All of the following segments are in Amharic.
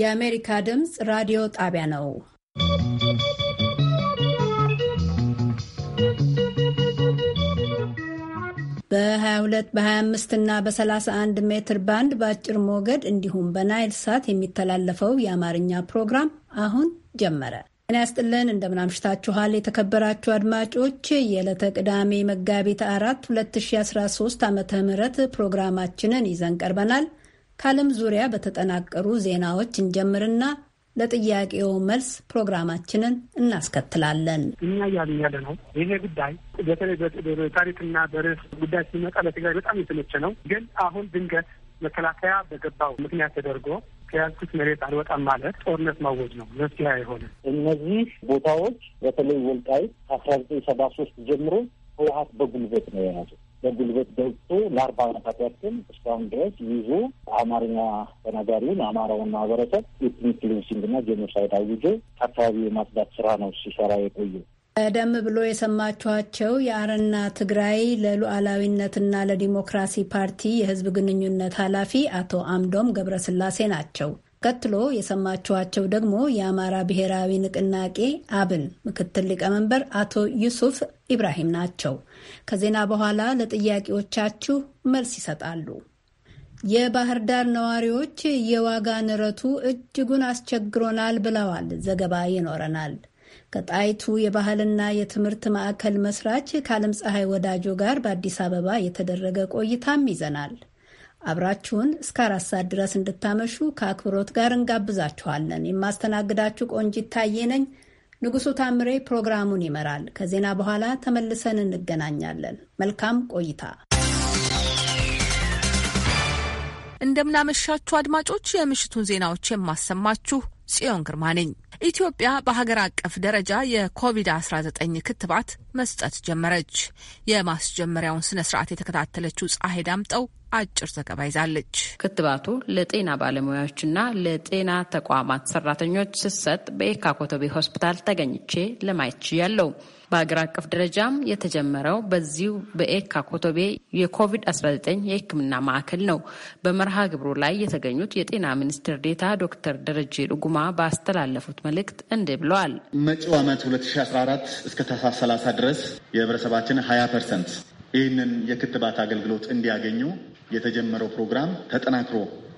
የአሜሪካ ድምፅ ራዲዮ ጣቢያ ነው። በ22 በ25 እና በ31 ሜትር ባንድ በአጭር ሞገድ እንዲሁም በናይል ሳት የሚተላለፈው የአማርኛ ፕሮግራም አሁን ጀመረ። ጤና ያስጥልን እንደምናምሽታችኋል የተከበራችሁ አድማጮች የዕለተ ቅዳሜ መጋቢት አራት 2013 ዓ ም ፕሮግራማችንን ይዘን ቀርበናል። ከዓለም ዙሪያ በተጠናቀሩ ዜናዎች እንጀምርና ለጥያቄው መልስ ፕሮግራማችንን እናስከትላለን። እኛ እያልን ያለ ነው። ይሄ ጉዳይ በተለይ በታሪክና በርዕስ ጉዳይ ሲመጣ ለትግራይ በጣም የተመቸ ነው። ግን አሁን ድንገት መከላከያ በገባው ምክንያት ተደርጎ ከያዝኩት መሬት አልወጣም ማለት ጦርነት ማወጅ ነው። መፍትሄ አይሆንም። እነዚህ ቦታዎች በተለይ ወልቃይት ከአስራ ዘጠኝ ሰባ ሶስት ጀምሮ ህወሀት በጉልበት ነው የያዙት በጉልበት ገልጾ ለአርባ ዓመታት ያክል እስካሁን ድረስ ይዞ አማርኛ ተናጋሪውን አማራውን ማህበረሰብ ኤትኒክ ክሊንሲንግና ጄኖሳይድ አውጆ አካባቢ የማጽዳት ስራ ነው ሲሰራ የቆየ። ቀደም ብሎ የሰማችኋቸው የአረና ትግራይ ለሉዓላዊነትና ለዲሞክራሲ ፓርቲ የህዝብ ግንኙነት ኃላፊ አቶ አምዶም ገብረስላሴ ናቸው። ቀጥሎ የሰማችኋቸው ደግሞ የአማራ ብሔራዊ ንቅናቄ አብን ምክትል ሊቀመንበር አቶ ዩሱፍ ኢብራሂም ናቸው። ከዜና በኋላ ለጥያቄዎቻችሁ መልስ ይሰጣሉ። የባህር ዳር ነዋሪዎች የዋጋ ንረቱ እጅጉን አስቸግሮናል ብለዋል። ዘገባ ይኖረናል። ከጣይቱ የባህልና የትምህርት ማዕከል መስራች ከዓለም ፀሐይ ወዳጆ ጋር በአዲስ አበባ የተደረገ ቆይታም ይዘናል። አብራችሁን እስከ አራት ሰዓት ድረስ እንድታመሹ ከአክብሮት ጋር እንጋብዛችኋለን። የማስተናግዳችሁ ቆንጅ ይታየ ነኝ። ንጉሱ ታምሬ ፕሮግራሙን ይመራል። ከዜና በኋላ ተመልሰን እንገናኛለን። መልካም ቆይታ። እንደምናመሻችሁ አድማጮች፣ የምሽቱን ዜናዎች የማሰማችሁ ጽዮን ግርማ ነኝ። ኢትዮጵያ በሀገር አቀፍ ደረጃ የኮቪድ-19 ክትባት መስጠት ጀመረች። የማስጀመሪያውን ስነ ስርዓት የተከታተለችው ፀሐይ ዳምጠው አጭር ዘገባ ይዛለች። ክትባቱ ለጤና ባለሙያዎችና ለጤና ተቋማት ሰራተኞች ስሰጥ በኤካ ኮተቤ ሆስፒታል ተገኝቼ ለማየት ችያለሁ። በአገር አቀፍ ደረጃም የተጀመረው በዚሁ በኤካ ኮቶቤ የኮቪድ-19 የሕክምና ማዕከል ነው። በመርሃ ግብሩ ላይ የተገኙት የጤና ሚኒስትር ዴታ ዶክተር ደረጀ ዱጉማ ባስተላለፉት መልእክት እንዲህ ብለዋል። መጪው ዓመት 2014 እስከ ታህሳስ 30 ድረስ የህብረተሰባችን 20 ፐርሰንት ይህንን የክትባት አገልግሎት እንዲያገኙ የተጀመረው ፕሮግራም ተጠናክሮ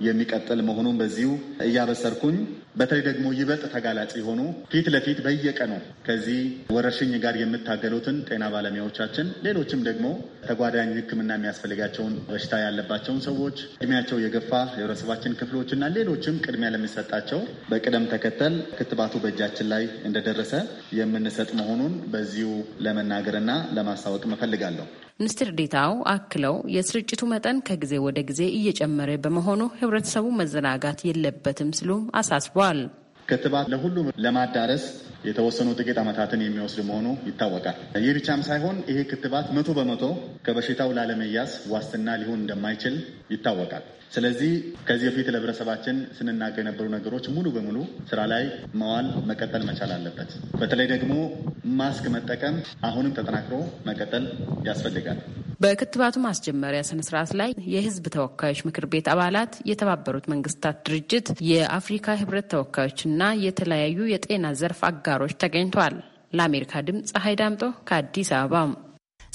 የሚቀጥል መሆኑን በዚሁ እያበሰርኩኝ በተለይ ደግሞ ይበልጥ ተጋላጭ የሆኑ ፊት ለፊት በየቀኑ ከዚህ ወረርሽኝ ጋር የምታገሉትን ጤና ባለሙያዎቻችን፣ ሌሎችም ደግሞ ተጓዳኝ ሕክምና የሚያስፈልጋቸውን በሽታ ያለባቸውን ሰዎች፣ እድሜያቸው የገፋ የህብረተሰባችን ክፍሎች እና ሌሎችም ቅድሚያ ለሚሰጣቸው በቅደም ተከተል ክትባቱ በእጃችን ላይ እንደደረሰ የምንሰጥ መሆኑን በዚሁ ለመናገርና ለማስታወቅ መፈልጋለሁ። ሚኒስትር ዴታው አክለው የስርጭቱ መጠን ከጊዜ ወደ ጊዜ እየጨመረ በመሆኑ ህብረተሰቡ መዘናጋት የለበትም ስሉ አሳስቧል። ክትባት ለሁሉም ለማዳረስ የተወሰኑ ጥቂት ዓመታትን የሚወስድ መሆኑ ይታወቃል። ይህ ብቻም ሳይሆን ይሄ ክትባት መቶ በመቶ ከበሽታው ላለመያዝ ዋስትና ሊሆን እንደማይችል ይታወቃል። ስለዚህ ከዚህ በፊት ለህብረተሰባችን ስንናገር የነበሩ ነገሮች ሙሉ በሙሉ ስራ ላይ መዋል መቀጠል መቻል አለበት። በተለይ ደግሞ ማስክ መጠቀም አሁንም ተጠናክሮ መቀጠል ያስፈልጋል። በክትባቱ ማስጀመሪያ ስነስርዓት ላይ የህዝብ ተወካዮች ምክር ቤት አባላት፣ የተባበሩት መንግስታት ድርጅት፣ የአፍሪካ ህብረት ተወካዮችና የተለያዩ የጤና ዘርፍ አጋሮች ተገኝተዋል። ለአሜሪካ ድምፅ ፀሐይ ዳምጦ ከአዲስ አበባ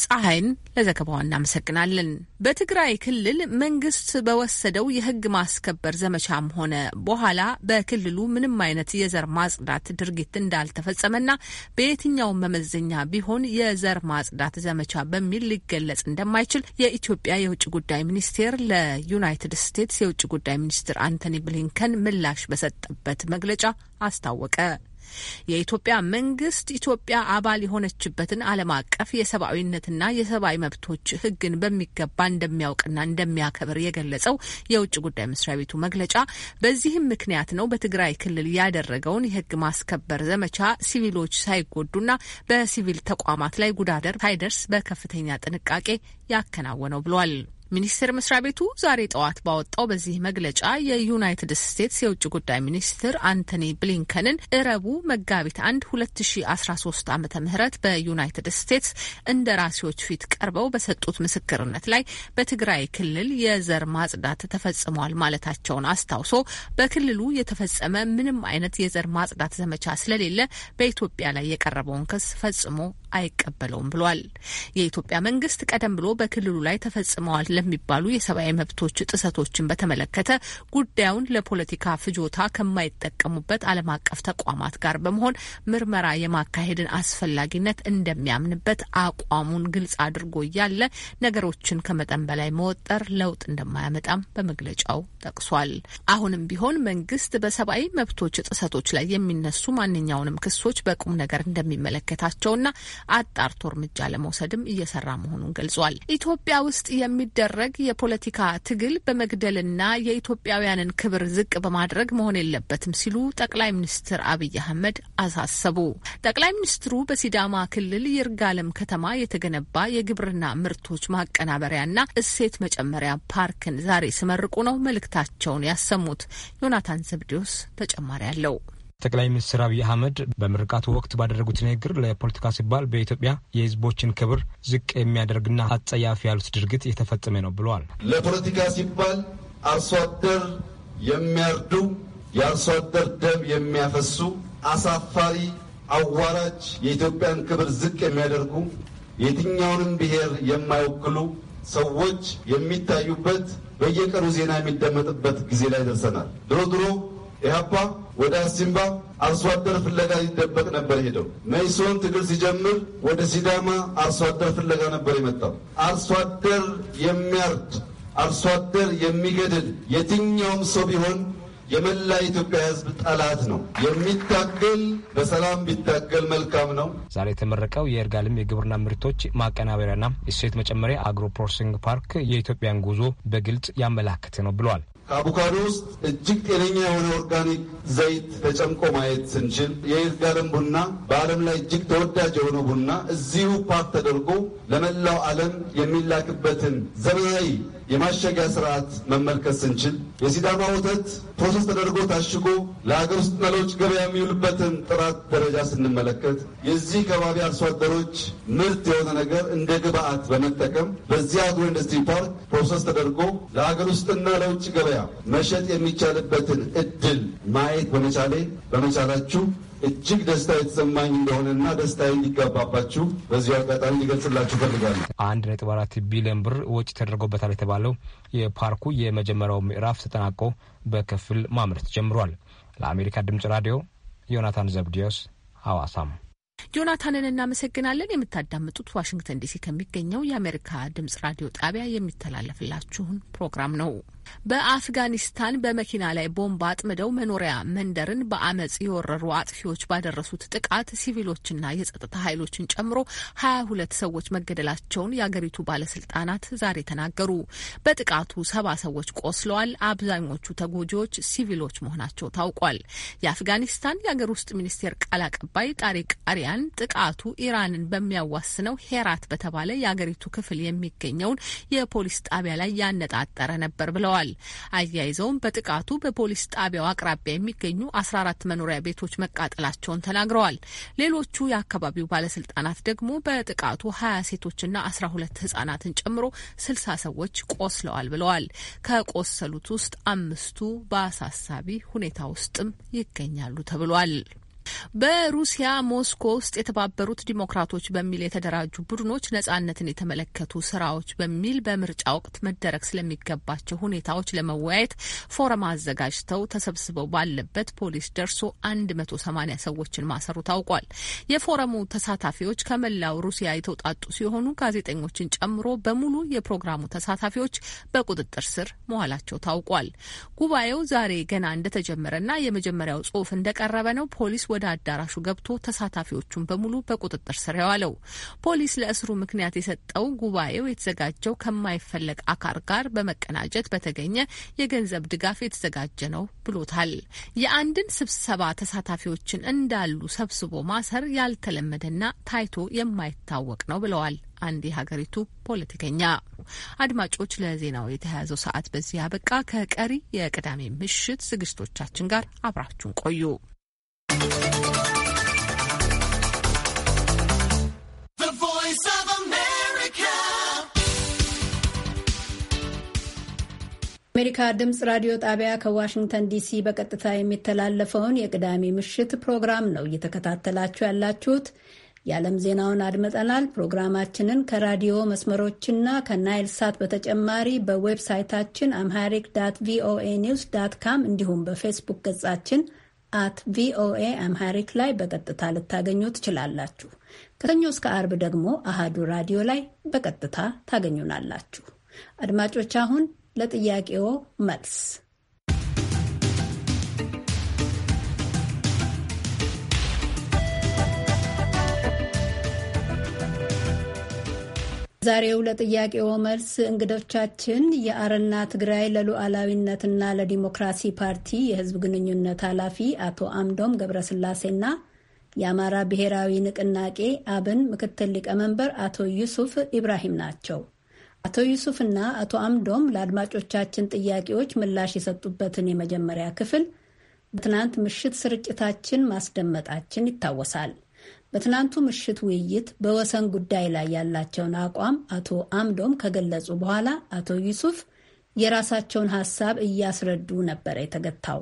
ፀሐይን ለዘገባዋ እናመሰግናለን። በትግራይ ክልል መንግስት በወሰደው የህግ ማስከበር ዘመቻም ሆነ በኋላ በክልሉ ምንም አይነት የዘር ማጽዳት ድርጊት እንዳልተፈጸመና በየትኛውም መመዘኛ ቢሆን የዘር ማጽዳት ዘመቻ በሚል ሊገለጽ እንደማይችል የኢትዮጵያ የውጭ ጉዳይ ሚኒስቴር ለዩናይትድ ስቴትስ የውጭ ጉዳይ ሚኒስትር አንቶኒ ብሊንከን ምላሽ በሰጠበት መግለጫ አስታወቀ። የኢትዮጵያ መንግስት ኢትዮጵያ አባል የሆነችበትን ዓለም አቀፍ የሰብአዊነትና የሰብአዊ መብቶች ህግን በሚገባ እንደሚያውቅና እንደሚያከብር የገለጸው የውጭ ጉዳይ መስሪያ ቤቱ መግለጫ በዚህም ምክንያት ነው በትግራይ ክልል ያደረገውን የህግ ማስከበር ዘመቻ ሲቪሎች ሳይጎዱና በሲቪል ተቋማት ላይ ጉዳደር ሳይደርስ በከፍተኛ ጥንቃቄ ያከናወነው ብሏል። ሚኒስቴር መስሪያ ቤቱ ዛሬ ጠዋት ባወጣው በዚህ መግለጫ የዩናይትድ ስቴትስ የውጭ ጉዳይ ሚኒስትር አንቶኒ ብሊንከንን እረቡ መጋቢት አንድ 2013 አመተ ምህረት በዩናይትድ ስቴትስ ራሴዎች ፊት ቀርበው በሰጡት ምስክርነት ላይ በትግራይ ክልል የዘር ማጽዳት ተፈጽሟል ማለታቸውን አስታውሶ በክልሉ የተፈጸመ ምንም አይነት የዘር ማጽዳት ዘመቻ ስለሌለ በኢትዮጵያ ላይ የቀረበውን ክስ ፈጽሞ አይቀበለውም ብሏል። የኢትዮጵያ መንግስት ቀደም ብሎ በክልሉ ላይ ተፈጽመዋል ለሚባሉ የሰብአዊ መብቶች ጥሰቶችን በተመለከተ ጉዳዩን ለፖለቲካ ፍጆታ ከማይጠቀሙበት ዓለም አቀፍ ተቋማት ጋር በመሆን ምርመራ የማካሄድን አስፈላጊነት እንደሚያምንበት አቋሙን ግልጽ አድርጎ እያለ ነገሮችን ከመጠን በላይ መወጠር ለውጥ እንደማያመጣም በመግለጫው ጠቅሷል። አሁንም ቢሆን መንግስት በሰብአዊ መብቶች ጥሰቶች ላይ የሚነሱ ማንኛውንም ክሶች በቁም ነገር እንደሚመለከታቸውና አጣርቶ እርምጃ ለመውሰድም እየሰራ መሆኑን ገልጿል። ኢትዮጵያ ውስጥ የሚደረግ የፖለቲካ ትግል በመግደልና የኢትዮጵያውያንን ክብር ዝቅ በማድረግ መሆን የለበትም ሲሉ ጠቅላይ ሚኒስትር አብይ አህመድ አሳሰቡ። ጠቅላይ ሚኒስትሩ በሲዳማ ክልል ይርጋለም ከተማ የተገነባ የግብርና ምርቶች ማቀናበሪያና እሴት መጨመሪያ ፓርክን ዛሬ ሲመርቁ ነው መልእክታቸውን ያሰሙት። ዮናታን ዘብዲዮስ ተጨማሪ አለው። ጠቅላይ ሚኒስትር አብይ አህመድ በምርቃቱ ወቅት ባደረጉት ንግግር ለፖለቲካ ሲባል በኢትዮጵያ የህዝቦችን ክብር ዝቅ የሚያደርግና አጸያፊ ያሉት ድርጊት የተፈጸመ ነው ብለዋል። ለፖለቲካ ሲባል አርሶ አደር የሚያርዱ የአርሶ አደር ደም የሚያፈሱ አሳፋሪ፣ አዋራጅ፣ የኢትዮጵያን ክብር ዝቅ የሚያደርጉ የትኛውንም ብሔር የማይወክሉ ሰዎች የሚታዩበት በየቀኑ ዜና የሚደመጥበት ጊዜ ላይ ደርሰናል። ድሮ ድሮ ኢህአፓ ወደ አሲምባ አርሶ አደር ፍለጋ ይደበቅ ነበር ሄደው። መይሶን ትግል ሲጀምር ወደ ሲዳማ አርሶ አደር ፍለጋ ነበር የመጣው። አርሶ አደር የሚያርድ አርሶ አደር የሚገድል የትኛውም ሰው ቢሆን የመላ ኢትዮጵያ ሕዝብ ጠላት ነው። የሚታገል በሰላም ቢታገል መልካም ነው። ዛሬ የተመረቀው የይርጋለም የግብርና ምርቶች ማቀናበሪያና እሴት መጨመሪያ አግሮ ፕሮሰሲንግ ፓርክ የኢትዮጵያን ጉዞ በግልጽ ያመላከተ ነው ብሏል። ከአቡካዶ ውስጥ እጅግ ጤነኛ የሆነ ኦርጋኒክ ዘይት ተጨምቆ ማየት ስንችል የይርጋለም ቡና በዓለም ላይ እጅግ ተወዳጅ የሆነ ቡና እዚሁ ፓክ ተደርጎ ለመላው ዓለም የሚላክበትን ዘመናዊ የማሸጊያ ስርዓት መመልከት ስንችል የሲዳማ ወተት ፕሮሰስ ተደርጎ ታሽጎ ለሀገር ውስጥና ለውጭ ገበያ የሚውልበትን ጥራት ደረጃ ስንመለከት የዚህ ከባቢ አርሶ አደሮች ምርት የሆነ ነገር እንደ ግብአት በመጠቀም በዚህ አግሮ ኢንዱስትሪ ፓርክ ፕሮሰስ ተደርጎ ለሀገር ውስጥና ለውጭ ገበያ መሸጥ የሚቻልበትን እድል ማየት በመቻሌ በመቻላችሁ እጅግ ደስታ የተሰማኝ እንደሆነና ደስታ እንዲጋባባችሁ በዚሁ አጋጣሚ ሊገልጽላችሁ ፈልጋለሁ። አንድ ነጥብ አራት ቢሊዮን ብር ወጪ ተደርጎበታል የተባለው የፓርኩ የመጀመሪያው ምዕራፍ ተጠናቆ በክፍል ማምረት ጀምሯል። ለአሜሪካ ድምጽ ራዲዮ ዮናታን ዘብዲዮስ ሐዋሳም። ዮናታንን እናመሰግናለን። የምታዳምጡት ዋሽንግተን ዲሲ ከሚገኘው የአሜሪካ ድምጽ ራዲዮ ጣቢያ የሚተላለፍላችሁን ፕሮግራም ነው። በአፍጋኒስታን በመኪና ላይ ቦምብ አጥምደው መኖሪያ መንደርን በአመጽ የወረሩ አጥፊዎች ባደረሱት ጥቃት ሲቪሎችና የጸጥታ ኃይሎችን ጨምሮ ሀያ ሁለት ሰዎች መገደላቸውን የአገሪቱ ባለስልጣናት ዛሬ ተናገሩ። በጥቃቱ ሰባ ሰዎች ቆስለዋል። አብዛኞቹ ተጎጂዎች ሲቪሎች መሆናቸው ታውቋል። የአፍጋኒስታን የአገር ውስጥ ሚኒስቴር ቃል አቀባይ ጣሪቅ አሪያን ጥቃቱ ኢራንን በሚያዋስነው ሄራት በተባለ የአገሪቱ ክፍል የሚገኘውን የፖሊስ ጣቢያ ላይ ያነጣጠረ ነበር ብለዋል። ገልጸዋል። አያይዘውም በጥቃቱ በፖሊስ ጣቢያው አቅራቢያ የሚገኙ አስራ አራት መኖሪያ ቤቶች መቃጠላቸውን ተናግረዋል። ሌሎቹ የአካባቢው ባለስልጣናት ደግሞ በጥቃቱ ሀያ ሴቶችና አስራ ሁለት ህጻናትን ጨምሮ ስልሳ ሰዎች ቆስለዋል ብለዋል። ከቆሰሉት ውስጥ አምስቱ በአሳሳቢ ሁኔታ ውስጥም ይገኛሉ ተብሏል። በሩሲያ ሞስኮ ውስጥ የተባበሩት ዲሞክራቶች በሚል የተደራጁ ቡድኖች ነጻነትን የተመለከቱ ስራዎች በሚል በምርጫ ወቅት መደረግ ስለሚገባቸው ሁኔታዎች ለመወያየት ፎረም አዘጋጅተው ተሰብስበው ባለበት ፖሊስ ደርሶ 180 ሰዎችን ማሰሩ ታውቋል። የፎረሙ ተሳታፊዎች ከመላው ሩሲያ የተውጣጡ ሲሆኑ ጋዜጠኞችን ጨምሮ በሙሉ የፕሮግራሙ ተሳታፊዎች በቁጥጥር ስር መዋላቸው ታውቋል። ጉባኤው ዛሬ ገና እንደተጀመረና የመጀመሪያው ጽሁፍ እንደቀረበ ነው ፖሊስ ወደ አዳራሹ ገብቶ ተሳታፊዎቹን በሙሉ በቁጥጥር ስር ያዋለው። ፖሊስ ለእስሩ ምክንያት የሰጠው ጉባኤው የተዘጋጀው ከማይፈለግ አካል ጋር በመቀናጀት በተገኘ የገንዘብ ድጋፍ የተዘጋጀ ነው ብሎታል። የአንድን ስብሰባ ተሳታፊዎችን እንዳሉ ሰብስቦ ማሰር ያልተለመደና ታይቶ የማይታወቅ ነው ብለዋል አንድ የሀገሪቱ ፖለቲከኛ። አድማጮች፣ ለዜናው የተያያዘው ሰዓት በዚህ አበቃ። ከቀሪ የቅዳሜ ምሽት ዝግጅቶቻችን ጋር አብራችሁን ቆዩ። አሜሪካ ድምፅ ራዲዮ ጣቢያ ከዋሽንግተን ዲሲ በቀጥታ የሚተላለፈውን የቅዳሜ ምሽት ፕሮግራም ነው እየተከታተላችሁ ያላችሁት። የዓለም ዜናውን አድመጠናል። ፕሮግራማችንን ከራዲዮ መስመሮችና ከናይል ሳት በተጨማሪ በዌብሳይታችን አምሃሪክ ዳት ቪኦኤ ኒውስ ዳት ካም እንዲሁም በፌስቡክ ገጻችን አት ቪኦኤ አምሃሪክ ላይ በቀጥታ ልታገኙ ትችላላችሁ። ከሰኞ እስከ አርብ ደግሞ አሃዱ ራዲዮ ላይ በቀጥታ ታገኙናላችሁ። አድማጮች አሁን ለጥያቄዎ መልስ ዛሬው ለጥያቄው መልስ እንግዶቻችን የአረና ትግራይ ለሉዓላዊነትና ለዲሞክራሲ ፓርቲ የሕዝብ ግንኙነት ኃላፊ አቶ አምዶም ገብረስላሴና የአማራ ብሔራዊ ንቅናቄ አብን ምክትል ሊቀመንበር አቶ ዩሱፍ ኢብራሂም ናቸው። አቶ ዩሱፍና አቶ አምዶም ለአድማጮቻችን ጥያቄዎች ምላሽ የሰጡበትን የመጀመሪያ ክፍል በትናንት ምሽት ስርጭታችን ማስደመጣችን ይታወሳል። በትናንቱ ምሽት ውይይት በወሰን ጉዳይ ላይ ያላቸውን አቋም አቶ አምዶም ከገለጹ በኋላ አቶ ዩሱፍ የራሳቸውን ሀሳብ እያስረዱ ነበረ የተገታው።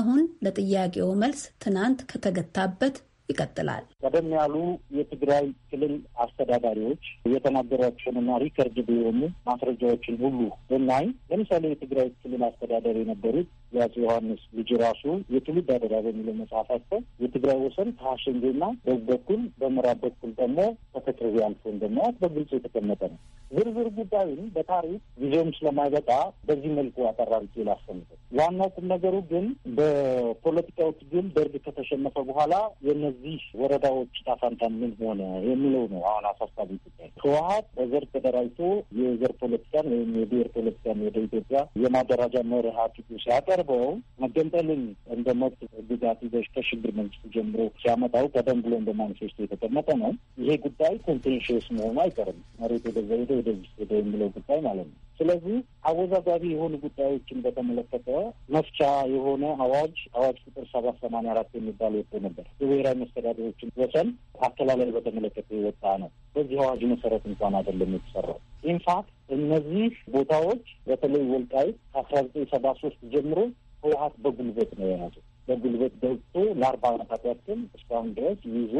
አሁን ለጥያቄው መልስ ትናንት ከተገታበት ይቀጥላል። ቀደም ያሉ የትግራይ ክልል አስተዳዳሪዎች የተናገሯቸውንና ሪከርድ የሆኑ ማስረጃዎችን ሁሉ ብናይ ለምሳሌ የትግራይ ክልል አስተዳዳሪ የነበሩት የአፄ ዮሐንስ ልጅ ራሱ የትውልድ አደራ በሚለው መጽሐፋቸው የትግራይ ወሰን ከሀሸንጌና በዚህ በኩል በምዕራብ በኩል ደግሞ ከተክርቤ አልፎ እንደማያት በግልጽ የተቀመጠ ነው። ዝርዝር ጉዳዩን በታሪክ ጊዜውም ስለማይበቃ በዚህ መልኩ አጠራር ላሰምጠ። ዋናው ቁም ነገሩ ግን በፖለቲካው ትግል ደርግ ከተሸነፈ በኋላ የነዚህ ወረዳዎች ዕጣ ፈንታ ምን ሆነ የሚለው ነው። አሁን አሳሳቢ ጉዳይ ህወሀት በዘር ተደራጅቶ የዘር ፖለቲካን ወይም የብሔር ፖለቲካን ወደ ኢትዮጵያ የማደራጃ መርሃ ትጉ ሲያጠር ቀርቦ መገንጠልን እንደ መብት ጉዳት ይዘሽ ከሽግግር መንግስት ጀምሮ ሲያመጣው ቀደም ብሎ እንደ ማኒፌስቶ የተቀመጠ ነው። ይሄ ጉዳይ ኮንቴንሽስ መሆኑ አይቀርም። መሬት ወደዛ ሄደ ወደዚህ ሄደ የሚለው ጉዳይ ማለት ነው። ስለዚህ አወዛጋቢ የሆኑ ጉዳዮችን በተመለከተ መፍቻ የሆነ አዋጅ አዋጅ ቁጥር ሰባት ሰማንያ አራት የሚባል ወጥቶ ነበር። የብሔራዊ መስተዳደሮችን ወሰን አከላለል በተመለከተ የወጣ ነው። በዚህ አዋጅ መሰረት እንኳን አይደለም የተሰራው ኢንፋክት እነዚህ ቦታዎች በተለይ ወልቃይት ከአስራ ዘጠኝ ሰባ ሶስት ጀምሮ ህወሀት በጉልበት ነው የያዙ በጉልበት ገብቶ ለአርባ አመታት ያክል እስካሁን ድረስ ይዞ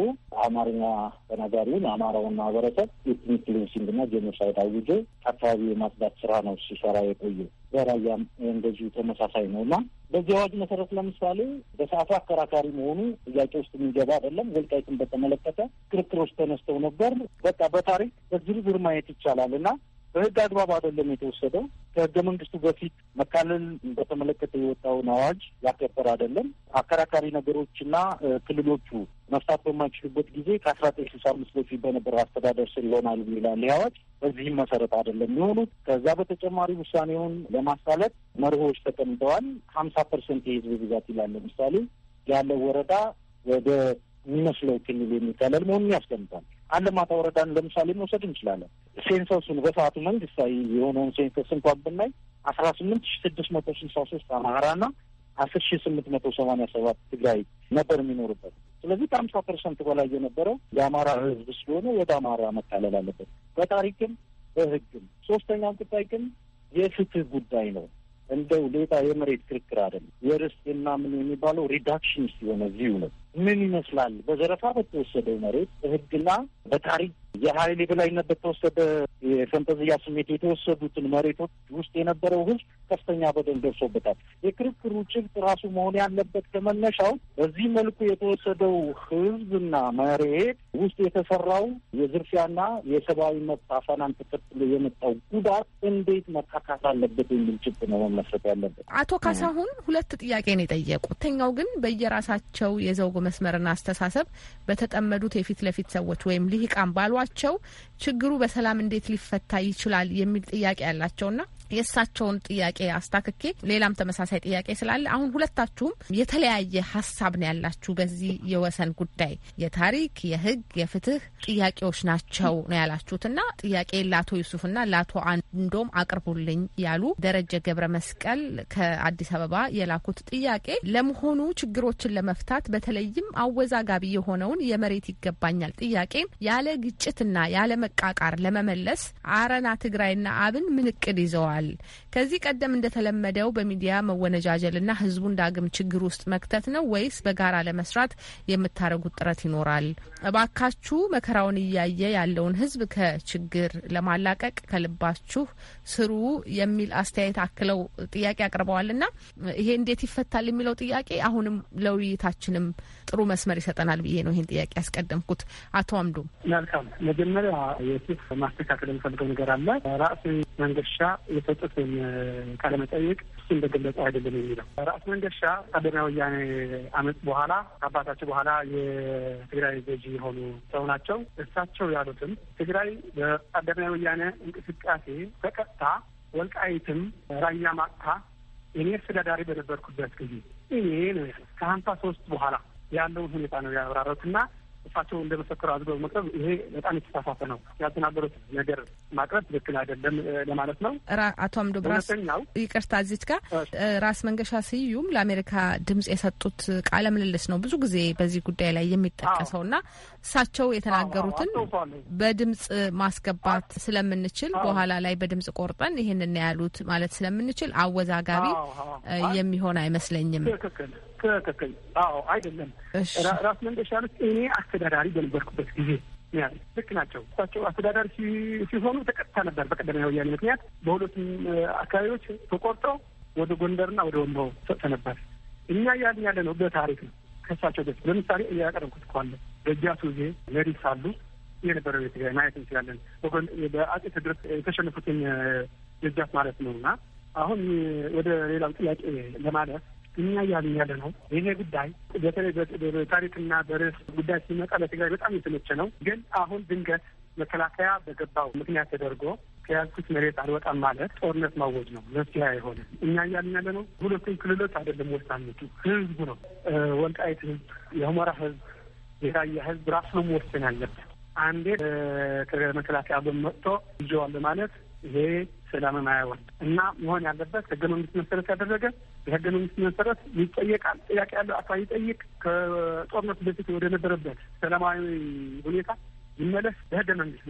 አማርኛ ተናጋሪውን አማራውን ማህበረሰብ ኤትኒክ ክሊንሲንግ እና ጄኖሳይድ አውጆ አካባቢ የማጽዳት ስራ ነው ሲሰራ የቆየ። በራያም እንደዚሁ ተመሳሳይ ነው እና በዚህ አዋጅ መሰረት ለምሳሌ በሰዓቱ አከራካሪ መሆኑ ጥያቄ ውስጥ የሚገባ አይደለም። ወልቃይትን በተመለከተ ክርክሮች ተነስተው ነበር። በቃ በታሪክ በዝርዝር ማየት ይቻላል እና በህግ አግባብ አይደለም የተወሰደው። ከህገ መንግስቱ በፊት መካለል በተመለከተ የወጣውን አዋጅ ያከበር አይደለም። አከራካሪ ነገሮችና ክልሎቹ መፍታት በማይችሉበት ጊዜ ከአስራ ዘጠኝ ስልሳ አምስት በፊት በነበረ አስተዳደር ስር ይሆናሉ ይላል አዋጅ። በዚህም መሰረት አይደለም የሆኑት። ከዛ በተጨማሪ ውሳኔውን ለማሳለት መርሆች ተቀምጠዋል። ሀምሳ ፐርሰንት የህዝብ ብዛት ይላል ለምሳሌ ያለው ወረዳ ወደ የሚመስለው ክልል የሚካለል መሆኑን ያስቀምጣል። አለማጣ ወረዳን ለምሳሌ መውሰድ እንችላለን። ሴንሰሱን በሰዓቱ መንግስታዊ የሆነውን ሴንሰስ እንኳን ብናይ አስራ ስምንት ሺ ስድስት መቶ ስልሳ ሶስት አማራና አስር ሺ ስምንት መቶ ሰማኒያ ሰባት ትግራይ ነበር የሚኖርበት። ስለዚህ ከአምሳ ፐርሰንት በላይ የነበረው የአማራ ህዝብ ስለሆነ ወደ አማራ መታለል አለበት በታሪክም በህግም። ሶስተኛው ጉዳይ ግን የፍትህ ጉዳይ ነው። እንደ ሌላ የመሬት ክርክር አይደለም። የርስትና ምን የሚባለው ሪዳክሽን ሲሆነ እዚሁ ነው። ምን ይመስላል በዘረፋ በተወሰደው መሬት በህግና በታሪክ የሀይል የበላይነት በተወሰደ የፈንጠዝያ ስሜት የተወሰዱትን መሬቶች ውስጥ የነበረው ህዝብ ከፍተኛ በደል ደርሶበታል። የክርክሩ ጭብጥ ራሱ መሆን ያለበት ከመነሻው በዚህ መልኩ የተወሰደው ህዝብና መሬት ውስጥ የተሰራው የዝርፊያና የሰብአዊ መብት አፈናን ተከትሎ የመጣው ጉዳት እንዴት መካካት አለበት የሚል ጭብጥ ነው መመስረት ያለበት። አቶ ካሳሁን ሁለት ጥያቄ ነው የጠየቁት። ተኛው ግን በየራሳቸው የዘውግ መስመርና አስተሳሰብ በተጠመዱት የፊት ለፊት ሰዎች ወይም ልሂቃን ባሏ ያሏቸው ችግሩ በሰላም እንዴት ሊፈታ ይችላል የሚል ጥያቄ ያላቸውና የእሳቸውን ጥያቄ አስታክኬ ሌላም ተመሳሳይ ጥያቄ ስላለ አሁን ሁለታችሁም የተለያየ ሀሳብ ነው ያላችሁ በዚህ የወሰን ጉዳይ የታሪክ የህግ የፍትህ ጥያቄዎች ናቸው ነው ያላችሁት እና ጥያቄ ለአቶ ዩሱፍ ና ለአቶ አንዶም አቅርቡልኝ ያሉ ደረጀ ገብረ መስቀል ከአዲስ አበባ የላኩት ጥያቄ ለመሆኑ ችግሮችን ለመፍታት በተለይም አወዛጋቢ የሆነውን የመሬት ይገባኛል ጥያቄ ያለ ግጭትና ያለ መቃቃር ለመመለስ አረና ትግራይና አብን ምን እቅድ ይዘዋል ብለዋል። ከዚህ ቀደም እንደተለመደው በሚዲያ መወነጃጀልና ህዝቡን ዳግም ችግር ውስጥ መክተት ነው ወይስ በጋራ ለመስራት የምታደርጉት ጥረት ይኖራል? እባካችሁ መከራውን እያየ ያለውን ህዝብ ከችግር ለማላቀቅ ከልባችሁ ስሩ የሚል አስተያየት አክለው ጥያቄ አቅርበዋልና ይሄ እንዴት ይፈታል የሚለው ጥያቄ አሁንም ለውይይታችንም ጥሩ መስመር ይሰጠናል ብዬ ነው ይሄን ጥያቄ ያስቀደምኩት። አቶ አምዱ መልካም። መጀመሪያ የሱፍ ማስተካከል የሚፈልገው ነገር አለ። ራስ መንገሻ የሰጡትን ቃለመጠይቅ እሱ እንደገለጸው አይደለም የሚለው ራስ መንገሻ አደና ወያኔ አመፅ በኋላ አባታቸው በኋላ የትግራይ ገዢ የሆኑ ሰው ናቸው። እሳቸው ያሉትም ትግራይ በአደና ወያኔ እንቅስቃሴ ማጥታ፣ ወልቃይትም ራያ ማጥታ እኔ አስተዳዳሪ በነበርኩበት ጊዜ ይሄ ነው ከሀምሳ ሶስት በኋላ ያለውን ሁኔታ ነው ያብራሩትና እሳቸው እንደ ምስክር አድርገው መቅረብ ይሄ በጣም የተሳሳተ ነው። ያልተናገሩት ነገር ማቅረብ ትክክል አይደለም ለማለት ነው። አቶ አምዶብ ራስ ይቅርታ፣ እዚች ጋር ራስ መንገሻ ስዩም ለአሜሪካ ድምጽ የሰጡት ቃለ ምልልስ ነው ብዙ ጊዜ በዚህ ጉዳይ ላይ የሚጠቀሰው እና እሳቸው የተናገሩትን በድምጽ ማስገባት ስለምንችል በኋላ ላይ በድምጽ ቆርጠን ይህንን ያሉት ማለት ስለምንችል አወዛጋቢ የሚሆን አይመስለኝም። ትክክል። አዎ አይደለም ራስ መንገሻ ያሉት እኔ አስተዳዳሪ በነበርኩበት ጊዜ ልክ ናቸው። እሳቸው አስተዳዳሪ ሲሆኑ ተቀጥታ ነበር በቀዳማዊ ወያኔ ምክንያት በሁለቱም አካባቢዎች ተቆርጦ ወደ ጎንደርና ወደ ወንበው ሰጥተ ነበር። እኛ እያልን ያለ ነው በታሪክ ነው ከእሳቸው በፊት ለምሳሌ ያቀረብኩት ከዋለ በእጃቱ ዜ መሪስ ሳሉ የነበረ ቤት ማየት እንችላለን። በአጼ ቴዎድሮስ የተሸነፉትን ደጃፍ ማለት ነው እና አሁን ወደ ሌላው ጥያቄ ለማለፍ እኛ እያልን ያለ ነው። ይሄ ጉዳይ በተለይ በታሪክና በርዕስ ጉዳይ ሲመጣ ለትግራይ በጣም የተመቸ ነው። ግን አሁን ድንገት መከላከያ በገባው ምክንያት ተደርጎ ከያዝኩት መሬት አልወጣም ማለት ጦርነት ማወጅ ነው። መፍትሄ አይሆንም። እኛ እያልን ያለ ነው። ሁለቱም ክልሎች አይደለም ወሳኙ፣ ህዝቡ ነው። ወልቃይት ህዝብ፣ የሁመራ ህዝብ፣ የራያ ህዝብ ራሱ ነው መወሰን ያለበት። አንዴ ከመከላከያ በመጥቶ መጥቶ ይዤዋለሁ ማለት ይሄ ሰላምም አያወርድ እና መሆን ያለበት ህገ መንግስት መሰረት ያደረገ የህገ መንግስት መሰረት ይጠየቃል። ጥያቄ ያለው አካል ይጠይቅ። ከጦርነቱ በፊት ወደ ነበረበት ሰላማዊ ሁኔታ ይመለስ። በህገ መንግስት